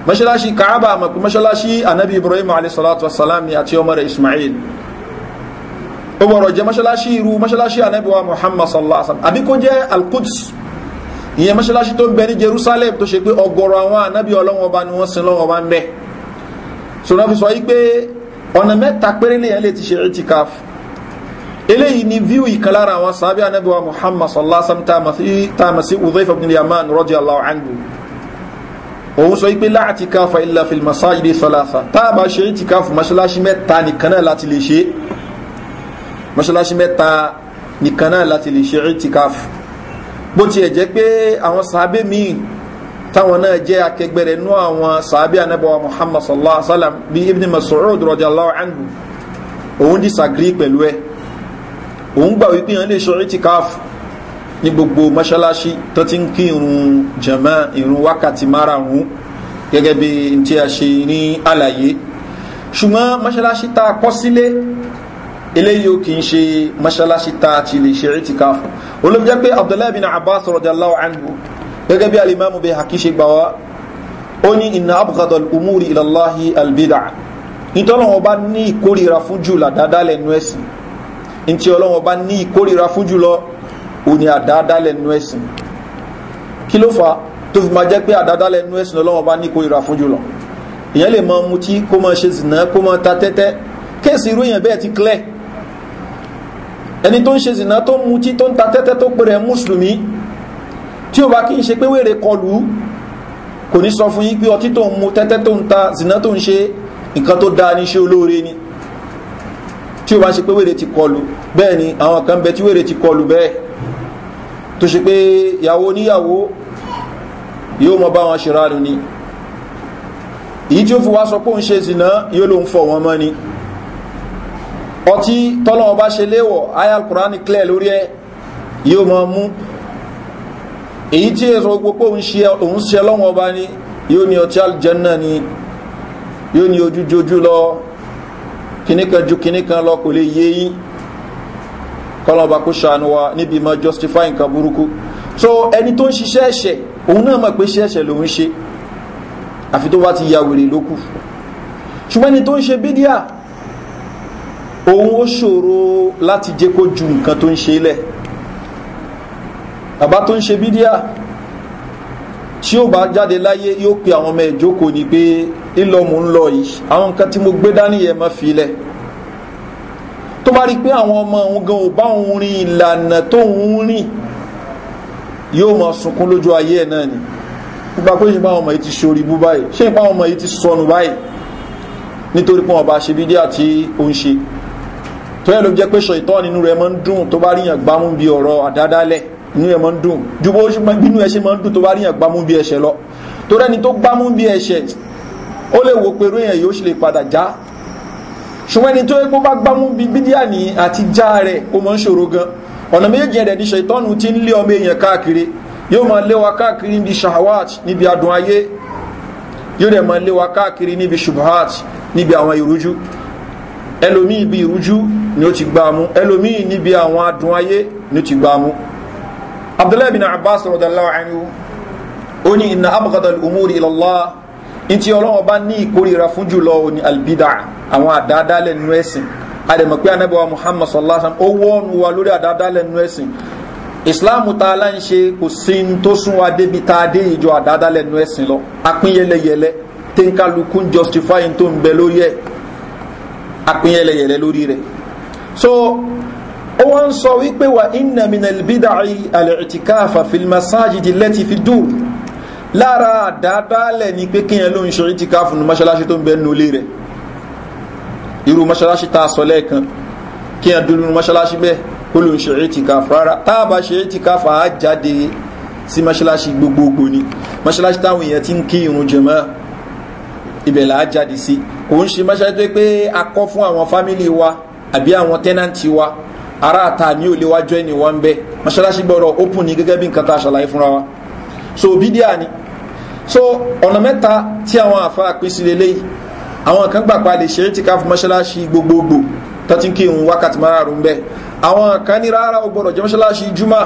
mọ́ṣáláṣí kàábà àmọ̀pẹ́ mọ́ṣáláṣí anabi ibrahim alayhisalatu wasalami àti ọmọ rẹ̀ ismail ó gbọ́dọ̀ jẹ́ mọ́ṣáláṣí irú mọ́ṣáláṣí anabi wa muhammad sallallahu alaihi wasallam àbí kó jẹ́ alquds ìyẹn mọ́ṣáláṣí tó ń bẹ ní jerusalem tó ṣe pé ọgọrọ àwọn anabi ọlọ́wọ́n ọba ni wọ́n sin lọ́wọ́ ọba ń bẹ sọ̀rọ̀ fi sọ yí pé ọ̀nà mẹ́ta péré lèyàn lè ti ṣe itikaf eléyìí ni view ìkàlára àwọn sàábí anábíwá muhammad sallallahu alaihi wasallam tààmà sí udhaifa bin yaman rọ́jì allahu anhu òun sọ wípé láti káfa ilà fìlmà sáàjìdì sọláfà tààmà ṣe ń ti káfù mọ́ṣáláṣí mẹ́ta nìkan náà láti lè ṣe mọ́ṣáláṣí mẹ́ta nìkan náà láti lè ṣe ń ti káfù bó tiẹ̀ jẹ́ pé àwọn sàábé míì táwọn náà jẹ́ akẹgbẹ̀rẹ̀ nú àwọn sàábé anábíwá muhammad sallallahu alaihi wasallam bí ibn masoud rọ́jì allahu anhu òun disagree pẹ̀lú ẹ̀ òun gbà wípé yàn lè ṣọrí ti káàfù ní gbogbo mọ́ṣáláṣí tó ti ń kí irun jẹ̀mọ́ irun wákàtí márààrún gẹ́gẹ́ bí n tí a ṣe ní àlàyé ṣùgbọ́n mọ́ṣáláṣí tá a kọ́ sílé eléyìí ò kì í ṣe mọ́ṣáláṣí tá a ti lè ṣeré ti káàfù olóòjọ́ jẹ́ pé abdullahi bin abbas rọ̀dàláwọ̀ anhu gẹ́gẹ́ bí alimami bẹ́ẹ̀ hakíṣe gbà wá ó ní iná abukadọ̀ umuri ilallahi albida nítorí wọn bá ní ìkórira fún jù làdáadáa lẹ́nu ẹ̀sìn ntí ọlọ́wọ́n bá ní ìkórira fún jùlọ òní àdáadáalẹ̀ nínú ẹ̀sìn kí ló fà tó fi máa jẹ́ pé àdáadáalẹ̀ nínú ẹ̀sìn ọlọ́wọ́n bá ní ìkórira fún jùlọ èèyàn lè máa mutí kó máa ṣe zìnà kó máa ta tẹ́tẹ́ kéèsì irú èèyàn bẹ́ẹ̀ ti clear ẹni tó ń ṣe zìnà tó ń mutí tó ń ta tẹ́tẹ́ tó pèrè mùsùlùmí tí ó bá kí n ṣe pé wèrè kọlù kò ní sọ fún yí pé ọtí tó ń mu tẹ́tẹ́ tó ń ta zìnà tó ń ṣe nǹkan tó dáa ní olóore ni tí o bá ṣe pé wèrè ti kọlu bẹ́ẹ̀ ni àwọn kan bẹ tí wèrè ti kọlu bẹ́ẹ̀ tó ṣe pé ìyàwó oníyàwó yóò mọ bá wọn ṣe ránu ni èyí tí ó fi wá sọ pé òun ṣe zìnà yóò ló fọ wọn mọ́ ni ọtí tọ́lọ́wọ́ bá ṣe léwọ̀ ayal kurani clear lórí ẹ yóò mọ mú èyí tí èrò gbogbo òun ṣe lọ́wọ́ ọba ni yóò ní ọtí aljanna ni yóò ní ojújojú lọ́wọ́ kìnìkan ju kìnìkan lọ kò lè yé yín kọlọba kó ṣàánú wa níbi ma justify nǹkan burúkú so ẹni tó ń ṣiṣẹ́ ẹ̀ṣẹ̀ òun náà mọ̀ pé ṣẹ́ẹ̀ṣẹ̀ ló ń ṣe àfi tó bá ti ya wèrè lókù ṣùgbọ́n ẹni tó ń ṣe bídíà òun ó ṣòro láti jẹ́ kó ju nǹkan tó ń ṣe lẹ̀ bàbá tó ń ṣe bídíà tí ó bá jáde láyé yóò pe àwọn ọmọ ẹ̀jókòó ni pé ìlọ mò ń lọ yìí àwọn nǹkan tí mo gbé dání yẹn má fi lẹ̀ tó bá rí pé àwọn ọmọ òun gan ò bá òun rin ìlànà tó òun rìn yóò máa sunkún lójú ayé ẹ̀ náà ni nípa pé ṣe báwọn ọmọ yìí ti ṣorí bú báyìí ṣé nípa ọmọ yìí ti sọnù báyìí nítorí pé wọn bá ṣe bídí àti òun ṣe tó yẹ ló jẹ́ pé ṣọ̀ìtọ́ nínú rẹ̀ máa ń dùn tó bá ríyàn gbámú bí ọ̀rọ̀ àdádálẹ̀ inú rẹ̀ máa ń dùn ju bó ṣe máa ń dùn tó bá ríyàn gbámú bí ẹ̀ṣẹ̀ lọ tó rẹ́ni tó gbámú bí ẹ̀ṣẹ̀ ó lè wò pé ròyìn yóò ṣe lè padà já ṣùgbọ́n ẹni tó yẹ kó bá gbámú bí bídíà ní àti já rẹ̀ ó gan ọ̀nà méjì ẹ̀rẹ̀ ní ṣètọ́nù tí ń lé ọmọ èèyàn káàkiri yóò máa lé wa káàkiri níbi shahawat níbi adùn ayé yóò dẹ̀ máa lé wa káàkiri níbi shubhat níbi àwọn ìrújú ẹlòmíì ibi ìrújú ni ó ti gbá ẹlòmíì níbi àwọn adùn ayé ni ó ti gbá abdullahi bin abbas ẹni ó ní ilallah ìtì ọlọ́wọ́n bá ní ìkórira fún jùlọ òní albida àwọn àdáadáalẹ̀ nínú ẹ̀sìn àdèmọ̀ pé anábẹ́wà muhammad sallallahu alaihi wasallam ó wọ́ọ̀nù wa lórí àdáadáalẹ̀ nínú ẹ̀sìn ìsìláàmù tá a lá ń ṣe kò sí ní tó sún wa débi tá a dé ìjọ àdáadáalẹ̀ nínú ẹ̀sìn lọ apínyẹlẹyẹlẹ tí ń justifying tó ń bẹ lórí ẹ̀ apínyẹlẹyẹlẹ lórí rẹ̀ so ó wá ń sọ wípé wa inna minal bidai al-i'tikafa fil masajidi lati fi dùn lára àdáadáalẹ̀ ni pé kíyàn ló ń ṣe orí ti ká fún mọ́ṣáláṣí tó ń bẹ nínú ilé rẹ̀ irú mọ́ṣáláṣí tá a sọ lẹ́ẹ̀kan kíyàn dúró nínú mọ́ṣáláṣí bẹ́ẹ̀ kó ló ń ṣe orí ti ká fún rárá tá a bá ṣe orí ti ká fún a jáde sí mọ́ṣáláṣí gbogbogbò ni mọ́ṣáláṣí táwọn èèyàn ti ń kí irun jẹ̀mọ́ ibẹ̀ là á jáde sí kò ń ṣe mọ́ṣáláṣí tó pé a kọ́ fún àwọn fámìlì wa àbí àwọn tẹ́nàntì wa ará àta ní ò lè ẹni wọ́n ń bẹ́ mọ́ṣáláṣí ó pùn ní gẹ́gẹ́ bí nǹkan tá a ṣàlàyé fúnra wa so bídíà ni so ọ̀nà mẹ́ta tí àwọn àfa pín sí lélẹ́yìí àwọn kan gbà pa lè ṣe itikaf mọ́ṣáláṣí gbogbogbò tó ti ń kírun wákàtí márùn-ún bẹ́ẹ̀ àwọn kan ní rárá o gbọ́dọ̀ jẹ́ mọ́ṣáláṣí júmọ́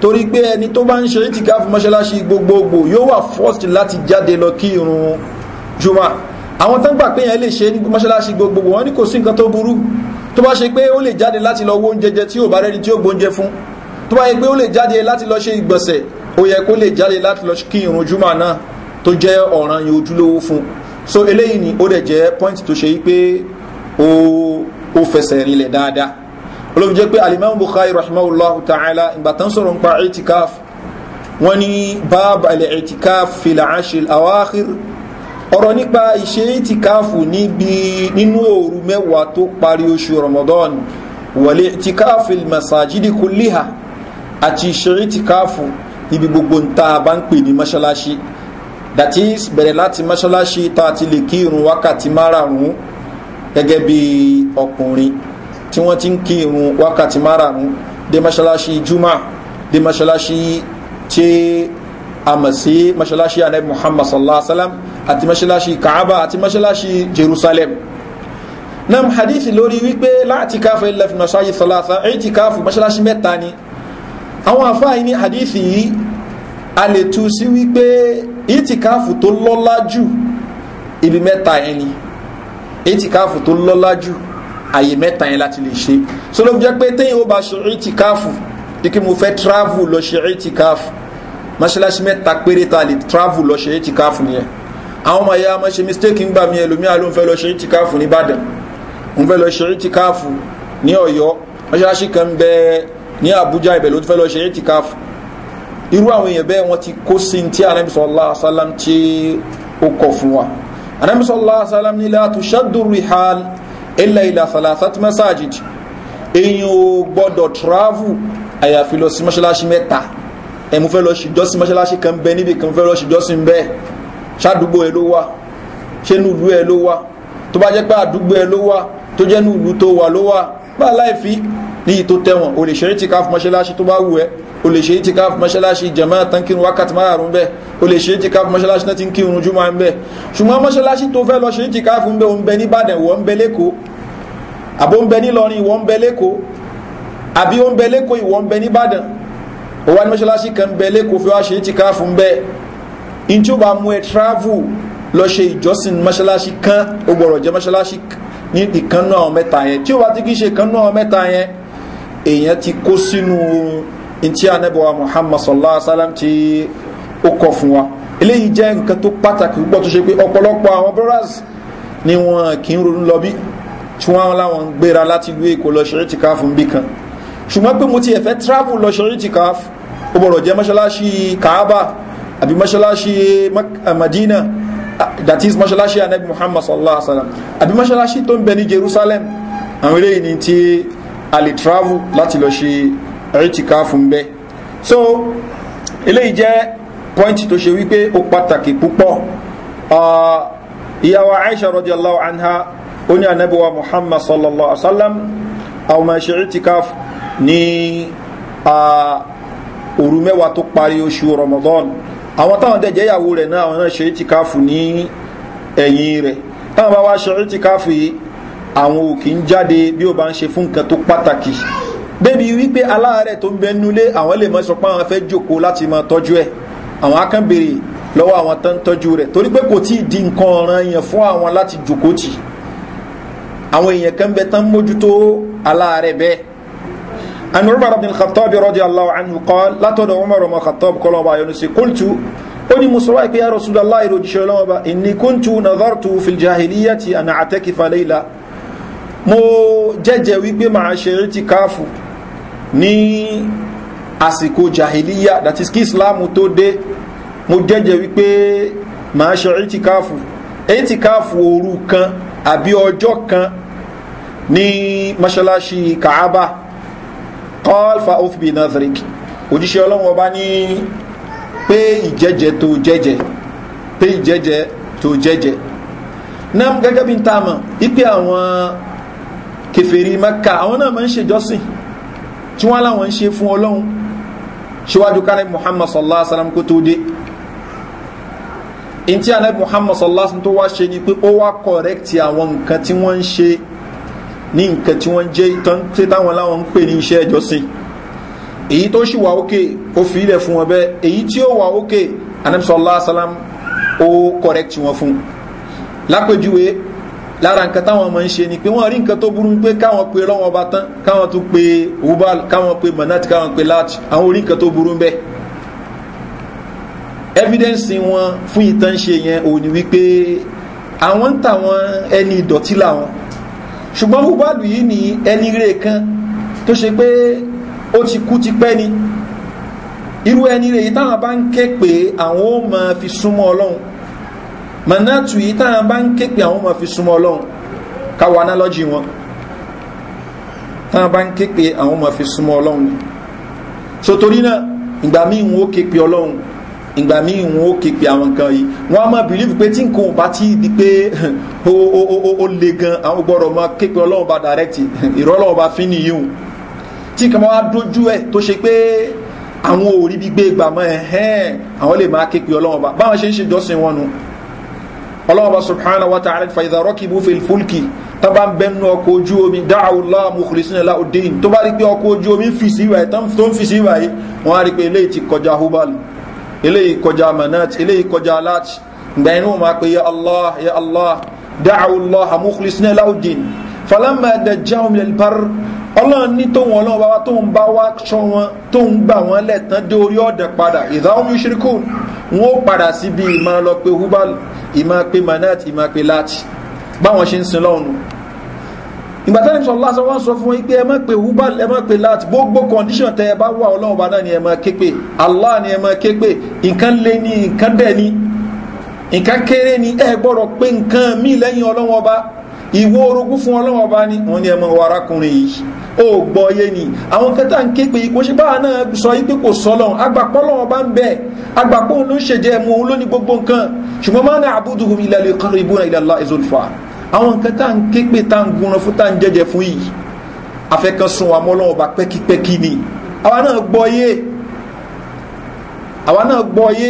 torí pé ẹni tó bá ń ṣe itikaf mọ́ṣáláṣí gbogbogbò yóò wà first láti jáde lọ kírun júmọ́ àwọn tó ń gbà pé yẹn lè ṣe mọ́ṣáláṣí gbogbogbò wọn ní kò sí nǹkan tó burú tó bá ṣe pé ó lè jáde láti lọ wo oúnjẹ jẹ tí ò bá rẹ́ni tí ó gbóúnjẹ fún tó bá yẹ pé ó lè jáde láti lọ ṣe ìgbọ̀nsẹ̀ ó yẹ kó lè jáde láti lọ kírun júmọ́ náà tó jẹ́ ọ̀ràn yìí ojúlówó fún so eléyìí ni ó dẹ̀ jẹ́ point tó ṣe wípé ó ó fẹsẹ̀ rinlẹ̀ dáadáa olóbi jẹ́ pé alimami bukhari rahimahullah ta'ala ìgbà tán sọ̀rọ̀ nípa itikaf wọ́n ní báàbù alẹ́ itikaf fìlà ashil awáhìr ọ̀rọ̀ nípa ìṣe itikaafu níbi nínú òru mẹ́wàá tó parí oṣù ramadan wàlẹ̀ itikaafu masajidi kulliha àti ìṣe itikaafu ibi gbogbo ń ta bá ń pè ní mọ́ṣáláṣí that is bẹ̀rẹ̀ láti mọ́ṣáláṣí tá a ti lè kí irun wákàtí márààrún gẹ́gẹ́ bí ọkùnrin tí wọ́n ti ń kí irun wákàtí márààrún dé mọ́ṣáláṣí juma dé mọ́ṣáláṣí tí a mọ̀ sí mọ́ṣáláṣí anabi muhammad sallallahu alaihi wa sallam àti mọ́ṣáláṣí kaaba àti mọ́ṣáláṣí jerusalem nam hadithi lórí wípé láti káfù ilẹ̀ fi mọ́ṣáláṣí salasa èyí ti káfù mọ́ṣáláṣí mẹ́ta ni àwọn àfáà yìí ní hadithi yìí a lè tu sí wípé ìtìkáàfù tó lọ́lá jù ibi mẹ́ta yẹn ni ìtìkáàfù tó lọ́lá jù àyè mẹ́ta yẹn láti lè ṣe so ló jẹ́ pé téyìn ó bá ṣe ìtìkáàfù kí mo fẹ́ travel lọ ṣe ìtìkáàfù mọ́ṣáláṣí mẹ́ta péré ta lè travel lọ ṣe ìtìkáàfù nìyẹn àwọn ọmọ ìyá ọmọ ṣe mistake ń gbà mí ẹlòmíà ló ń fẹ́ lọ ṣe ìtìkáàfù nìbàdàn ń fẹ́ lọ ṣe ìtìkáàfù ní ọ̀yọ́ mọ́ṣáláṣí kan bẹ ní àbújá ibẹ̀ ló fẹ́ lọ ṣe ìtìkáàfù irú àwọn èèyàn bẹ́ẹ̀ wọ́n ti kó sí tí anabi sallallahu alaihi wasallam tí ó kọ̀ fún wa anabi sallallahu alaihi wasallam ní la tushaddu rihal illa ila thalathati masajid èèyàn ò gbọ́dọ̀ travel àyàfi lọ sí mọ́ṣáláṣí mẹ́ta ẹ̀ mo fẹ́ lọ ṣìjọ́sìn mọ́ṣáláṣí kan bẹ níbi kan fẹ́ lọ ṣìjọ́sìn bẹ́ẹ̀ ṣàdúgbò ẹ ló wà ṣé ní ìlú ẹ ló wà tó bá jẹ́ pé àdúgbò ẹ ló wà tó jẹ́ ní ìlú tó wà ló wà bá láì fi ní ìtò tẹ̀wọ̀n o lè ṣeré tí ká fún mọ́ṣáláṣí tó bá wù ẹ́ o lè ṣe itikaf mọ́ṣáláṣí jama tán kírun wákàtí márùn bẹ́ẹ̀ o lè ṣe itikaf mọ́ṣáláṣí náà ti ń kírun júmọ́ ń bẹ́ẹ̀ ṣùgbọ́n mọ́ṣáláṣí tó fẹ́ lọ ṣe itikaf ń bẹ́ o ń bẹ nìbàdàn wọ́n ń bẹ lẹ́kọ̀ọ́ àbó ń bẹ nílọrin wọ́n ń bẹ lẹ́kọ̀ọ́ àbí ó ń bẹ lẹ́kọ̀ọ́ ìwọ́n ń bẹ nìbàdàn ó wá ní mọ́ṣáláṣí kan ń bẹ lẹ́kọ̀ọ́ fi wá ṣe itikaf ń bẹ́ẹ̀ in tí ó bá mú ẹ travel lọ ṣe ìjọsìn mọ́ṣáláṣí kan ó gbọ́dọ̀ èèyàn ti kó sínú ntí anabiwa muhammad sallallahu alaihi wa sallam ti ó kọ fún wa eléyìí jẹ́ nǹkan tó pàtàkì púpọ̀ tó ṣe pé ọ̀pọ̀lọpọ̀ àwọn brothers ni wọn kì í ronú lọ bí tí wọ́n láwọn ń gbéra láti ìlú èkó lọ ṣeré tìka fún bí kan ṣùgbọ́n pé mo ti ẹ̀fẹ́ travel lọ ṣeré tìka ó bọ̀rọ̀ jẹ́ mọ́ṣáláṣí kaaba àbí mọ́ṣáláṣí eh, madina ah, that is mọ́ṣáláṣí anabi muhammad sallallahu alaihi wa sallam àbí mọ́ṣáláṣí tó ń bẹ ní jerusalem àwọn eléyìí ni ti a lè travel láti lọ ṣe ẹ̀rìtìkáfù ń bẹ so eléyìí jẹ́ pọ́ìntì tó ṣe wípé ó pàtàkì púpọ̀ ah, ìyàwó aisha radiyallahu anha ó ní anabiwa muhammad sallallahu alaihi wasallam àwọn máa ṣe ẹ̀rìtìkáfù ní ah, òru mẹ́wàá tó parí oṣù ramadan àwọn táwọn dẹ̀ jẹ́ ìyàwó rẹ̀ náà àwọn náà ṣe ẹ̀rìtìkáfù ní ẹ̀yìn rẹ̀ táwọn bá wá ṣe ẹ̀rìtìkáfù yìí àwọn òkè ń jáde bí ó bá ń ṣe fún nǹkan tó pàtàkì débi wípé aláàárẹ̀ tó ń bẹ nulé àwọn lè mọ́ sọ pé àwọn fẹ́ jòkó láti máa tọ́jú ẹ̀ àwọn akánbèrè lọ́wọ́ àwọn tó ń tọ́jú rẹ̀ torí pé kò tí ì di nǹkan ọ̀ràn yẹn fún àwọn láti jòkó tì àwọn èèyàn kan bẹ tán mójútó aláàárẹ̀ bẹ́ẹ̀ عن عمر بن الخطاب رضي الله عنه قال لا تدع عمر ما خطاب قال ما يونسي قلت أني مصرائك يا رسول الله رجي شلوما إني كنت نظرت في الجاهلية أن أعتكف ليلة مو جاجا ويبي مع شريتي كافو ní àsìkò jahiliya that is kí islamu tó dé mo jẹ́jẹ́ wípé màá ṣe ẹ̀tìkáàfù ẹ̀tìkáàfù òru kan àbí ọjọ́ kan ní mọ́ṣáláṣí kaaba kọ́lfà ofbi nathric òjíṣẹ́ ọlọ́run ọba ní pé ìjẹ́jẹ́ tó jẹ́jẹ́ pé ìjẹ́jẹ́ tó jẹ́jẹ́ náà gẹ́gẹ́ bí n ta mọ̀ àwọn kẹfẹ́rí mẹ́ka àwọn náà máa ń ṣèjọ́sìn tí wọ́n láwọn ń ṣe fún ọlọ́run ṣíwájú kánẹ́ muhammad sallallahu alaihi wasallam kó tó dé in tí anabi muhammad sallallahu alaihi wasallam tó wá ṣe ni pé ó wá kọ̀rẹ́kìtì àwọn nǹkan tí wọ́n ń ṣe ní nǹkan tí wọ́n jẹ́ ìtàn tí táwọn láwọn ń pè ní iṣẹ́ ìjọsìn èyí tó ṣì wà ókè ó fi ilẹ̀ fún wọn bẹ́ẹ̀ èyí tí ó wà ókè anabi sallallahu alaihi wasallam ó kọ̀rẹ́kìtì wọn fún lápèjúwe lára nǹkan táwọn ọmọ ń ṣe ni pé wọ́n rí nǹkan tó burú pé káwọn pe lọ́wọ́ ọba tán káwọn tún pe wubal káwọn pe manat káwọn pe láti àwọn orí nǹkan tó burú bẹ́ẹ̀ evidence wọn fún ìtàn ṣe yẹn ò ní wípé àwọn ń tàwọn ẹni ìdọ̀tí làwọn ṣùgbọ́n wúbàlù yìí ni ẹni rẹ̀ kan tó ṣe pé ó ti kú ti pẹ́ ni irú ẹni rẹ̀ yìí táwọn bá ń ké pé àwọn ó máa fi súnmọ́ ọlọ́run manatu yi tá a bá ń ké pé àwọn ọmọ fi súnmọ́ ọlọ́run analogy wọn tá a bá ń ké pé àwọn ọmọ fi súnmọ́ ọlọ́run so torí náà ìgbà míì wọn ó ké pé ọlọ́run ìgbà míì wọn ó ké pe àwọn nǹkan yìí wọn máa believe pé tí nǹkan bá ti di pé *laughs* le gan àwọn gbọ́dọ̀ máa ké pé ọlọ́run bá direct ìrọ́lọ́run fi nìyí tí ọlọ́wọ́ba subhanahu wa ta'ala fa ìdárọ́kì bú fi fúlkì tó bá ń bẹnu ọkọ̀ ojú omi dáàwùlá mùkùlísínà láòdín tó bá rí pé ọkọ̀ ojú omi fi sí ìwàyí tó ń fi sí ìwàyí wọ́n á rí pé eléyìí ti kọjá hubal eléyìí kọjá manat eléyìí kọjá alat ìgbà inú ma pé ya allah ya allah dáàwùlá mùkùlísínà láòdín falama dajjahum lil bar ọlọ́run ní tóun ọlọ́run bá wa tóun bá wá sọ wọn tóun gbà wọn lẹ́tàn dé orí ọ̀dẹ̀ padà ìdáhùn yóò ṣe kó wọn ó padà síbi ìmọ̀ lọ pé hubal ìmá pé manat ìmá pé láti báwọn ṣe ń sin lọ́nu ìgbàtẹ́ni sọ lásán wọ́n sọ fún wọn pé ẹ má pé hubal ẹ pé láti gbogbo condition tẹ bá wà ọlọ́run bá náà ni ẹ má allah ni ẹ má ké pé nǹkan lé ní nǹkan dẹ̀ ni nǹkan kéré ni ẹ gbọ́dọ̀ pé nǹkan míì lẹ́yìn ọlọ́run ọba ìwó orogún fún ọlọ́run ọba ni wọ́n ní ẹ mọ wàrákùnrin yìí O gbọ́ yé ni àwọn kẹta ń ké pé kò ṣe báwa náà sọ wípé kò sọlọ́n agbàpọ́lọ́ ọba ń bẹ̀ agbàpọ́ òun ló ń ṣèjẹ́ mu òun ló ní gbogbo nǹkan ṣùgbọ́n máa ń àbúdù omi ilẹ̀ lè kọ́rọ̀ ìbú ilẹ̀ allah ezolfa àwọn kẹta ń ké pé tá ń gunran fún tá ń jẹjẹ fún yìí afẹ́kan sun wa mọ́ lọ́wọ́ bá ni àwa náà gbọ́ yé àwa náà gbọ́ yé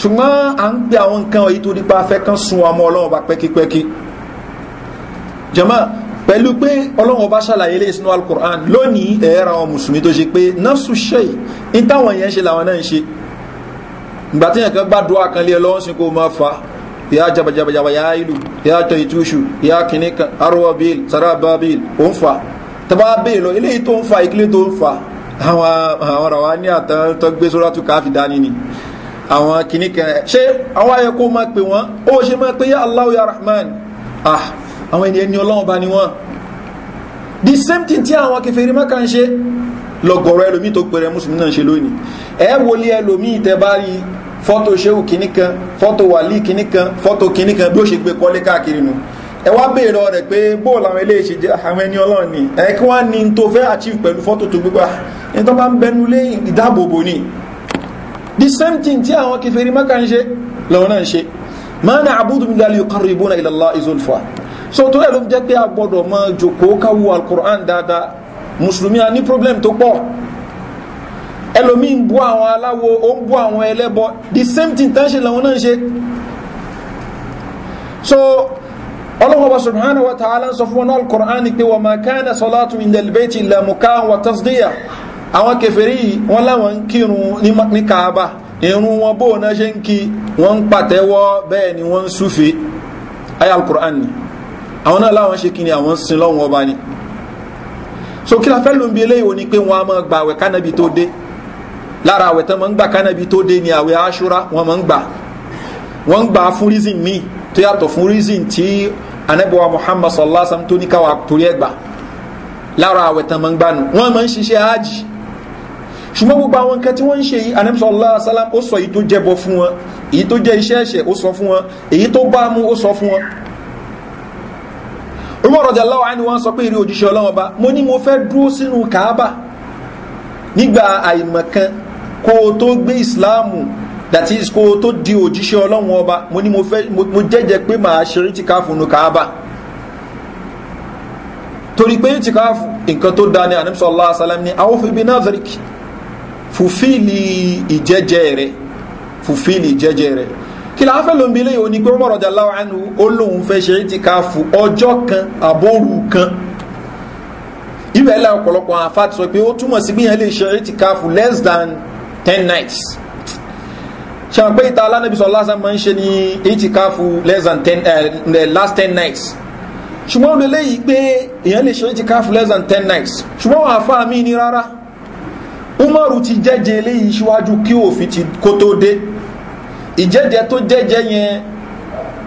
ṣùgbọ́n à ń pe àwọn nǹkan yìí torí pé afẹ́kan sun wa mọ́ lọ́wọ́ bá jẹ́mọ́ pẹ̀lú pé ọlọ́run bá ṣàlàyé lè sinú alukur'an lónìí ẹ̀ẹ́ra àwọn mùsùlùmí tó ṣe pé nọ́ọ̀sù ṣẹ́yì ní táwọn yẹn ṣe làwọn náà ń ṣe ìgbà tí yẹn kan bá dùn àkànlé ẹ lọ́wọ́ sí kó máa fa ya jabajabajaba ya ilu ya taitushu ya kinikan arwa bil saraba bil o ń fa tọba bẹ́ẹ̀ lọ eléyìí tó ń fa ìkílẹ̀ tó ń fa àwọn àwọn ra wa ní àtọ́gbé sórí àtúkà fi dání ni àwọn kìnnìkan ṣé àwọn ayẹ kó máa pè wọ́n ó ṣe máa pé ya allah ya rahman ah àwọn ènìyàn ni ọlọ́wọ́n bá ni wọ́n the same thing tí àwọn kẹfẹ́rí mọ́kà ń ṣe lọ́gọ̀rọ̀ ẹlòmí tó pẹ̀rẹ̀ mùsùlùmí náà ṣe lónìí ẹ wọlé ẹlòmí ìtẹ́bárí fọ́tò ṣéwù kìíní kan fọ́tò wàlí kìíní kan fọ́tò kìíní kan bí ó ṣe gbé kọ́lé káàkiri nu ẹ wá béèrè pé bóò làwọn ilé àwọn ẹni ọlọ́run ni ẹ kí wọ́n ní tó fẹ́ achieve pẹ̀lú fọ́tò tó gbégbá ah, ní tó bá ń bẹnu lé ìdáàbòbò ni the same thing tí àwọn kẹfẹ́rí mọ́kà ń ṣe lọ́wọ́ náà ń ṣe mọ́nà àbúdùmí lálẹ́ yóò kọ́rọ̀ ìbónà ìlàlá ìzòlfà so torí ẹ̀ ló fi jẹ́ pé a gbọ́dọ̀ mọ jòkó káwú alukur'an dáadáa mùsùlùmí a ní problem tó pọ̀ ẹlòmí ń bú àwọn aláwo ó ń bú àwọn ẹlẹ́bọ the same thing tán ṣe làwọn náà ṣe so ọlọ́wọ́ba subhanahu wa ta'ala sọ fún wọn alukur'an ni pé wọ́n máa kánà sọlátù indẹ̀lbẹ́tì lẹ́mùká wa tasdiya àwọn kẹfẹ́rí wọn láwọn ń kírun ní kaaba irun wọn bóun náà ṣe ń kí wọn ń pàtẹ́wọ́ bẹ́ẹ̀ ni wọ́n ń súfèé ayé alukur'an ni àwọn náà láwọn ṣe kíni àwọn sin lọ́wọ́ ọba ni so kí la fẹ́ ló ń bi eléyìí ni pé wọ́n á máa gba àwẹ̀ kánábì tó dé lára àwẹ̀ tán máa ń gbà kánábì tó dé ni àwẹ̀ aṣúra wọ́n máa ń gbà wọ́n ń gbà fún reason míì tó yàtọ̀ fún reason tí anabiwa muhammad sallallahu alaihi wasallam tó ní káwa torí ẹ̀ gbà lára àwẹ̀ tán máa ń gbà nù wọ́n máa ń ṣiṣẹ́ ájì ṣùgbọ́n gbogbo àwọn nǹkan tí wọ́n ń ṣe yìí anamsọ́lá sálám ó sọ èyí tó jẹ́bọ fún wọn èyí tó jẹ́ iṣẹ́ ẹ̀ṣẹ̀ ó sọ fún wọn èyí tó bá mú ó sọ fún wọn umar radiyallahu anhu wọ́n sọ pé ìrí òjíṣẹ́ ọlọ́wọ́n bá mo ní mo fẹ́ dúró sínú kaaba nígbà àìmọ̀kan kó o tó gbé ìsìláàmù that is kó o tó di òjíṣẹ́ ọlọ́wọ́n ọba mo ní mo jẹ́jẹ́ pé màá ṣeré ti káfù nù kaaba torí pé ti káfù nǹkan tó dá ní anamsọ allah salam ní awọ́fẹ́ bí nazarik fùfíìlì ìjẹ́jẹ́ rẹ̀ fùfíìlì ìjẹ́jẹ́ rẹ̀ kìlá afẹ́ ló ń bi eléyìí oní pé Umar radiyallahu anhu ó fẹ́ ṣe ìtìkáfù ọjọ́ kan àbóru kan ibẹ̀ la ọ̀pọ̀lọpọ̀ àfa ti sọ pé ó túmọ̀ sí gbìyànjú lè ṣe ìtìkáfù less than ten nights ṣàpé ìta alánàbí sọ lásán máa ń ṣe ní ìtìkáfù less than ten uh, last ten nights ṣùgbọ́n ó lélẹ́yìí pé èèyàn lè ṣe ìtìkáfù less than ten nights ṣùgbọ́n àwọn àfa mi ni rárá Umaru ti jẹ́jẹ́ eléyìí síwájú kí ìjẹ́jẹ́ tó jẹ́jẹ́ yẹn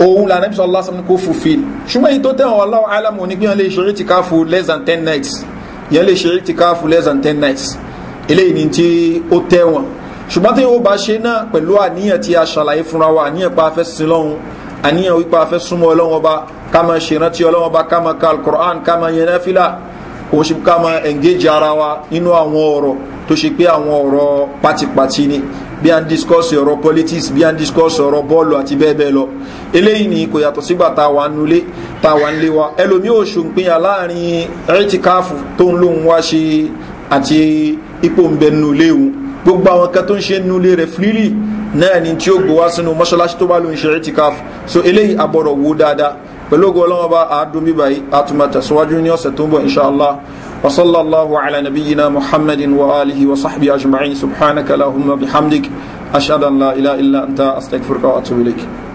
òun là níbi sọ́lá sọ́mọ́ kó fulfill ṣùgbọ́n èyí tó tẹ̀wọ̀n ọlọ́run alamu ní gbìyànjú lè ṣe orí ti káfù less than ten nights yẹn lè ṣe orí ti káfù less than ten nights eléyìí ni tí ó tẹ̀wọ̀n ṣùgbọ́n tí yóò bá ṣe náà pẹ̀lú àníyàn tí a ṣàlàyé fúnra wa àníyàn pa afẹ́ sí lọ́hun àníyàn wípé afẹ́ súnmọ́ ọlọ́run ọba ká máa ṣèrántí ọlọ́run ọba ká máa ka alukur'an ká máa yẹn náfìlà kò ṣe ká máa engage ara wa nínú àwọn ọ̀rọ̀ tó ṣe pé àwọn ọ̀rọ̀ pátípátí ni bí a ń discuss ọ̀rọ̀ politics bí a ń discuss ọ̀rọ̀ bọ́ọ̀lù àti bẹ́ẹ̀ bẹ́ẹ̀ lọ eléyìí ni kò yàtọ̀ sígbà tá a wà nulẹ̀ tá a wà nílé wa ẹlòmíì ò ṣòpinya láàrin rẹ́tìkáàfù tó ń lóun wá ṣe àti ipò ń bẹ nulẹ̀ òun gbogbo àwọn kan tó ń ṣe nulẹ̀ rẹ̀ fílì náà ni tí ó gbowá sínú mọ́ṣáláṣí tó bá lóun ṣe rẹ́tìkáàfù so eléyìí abọ̀rọ̀ wo dáadáa pẹ̀lú ògo ọlọ́wọ́ bá àádùn bíbáyìí àtúmọ̀ tẹ̀síwájú ní ọ̀sẹ̀ tó ń bọ̀ inṣáàlá وصلى الله على نبينا محمد وآله وصحبه أجمعين سبحانك اللهم بحمدك أشهد أن لا إله إلا أنت أستغفرك وأتوب إليك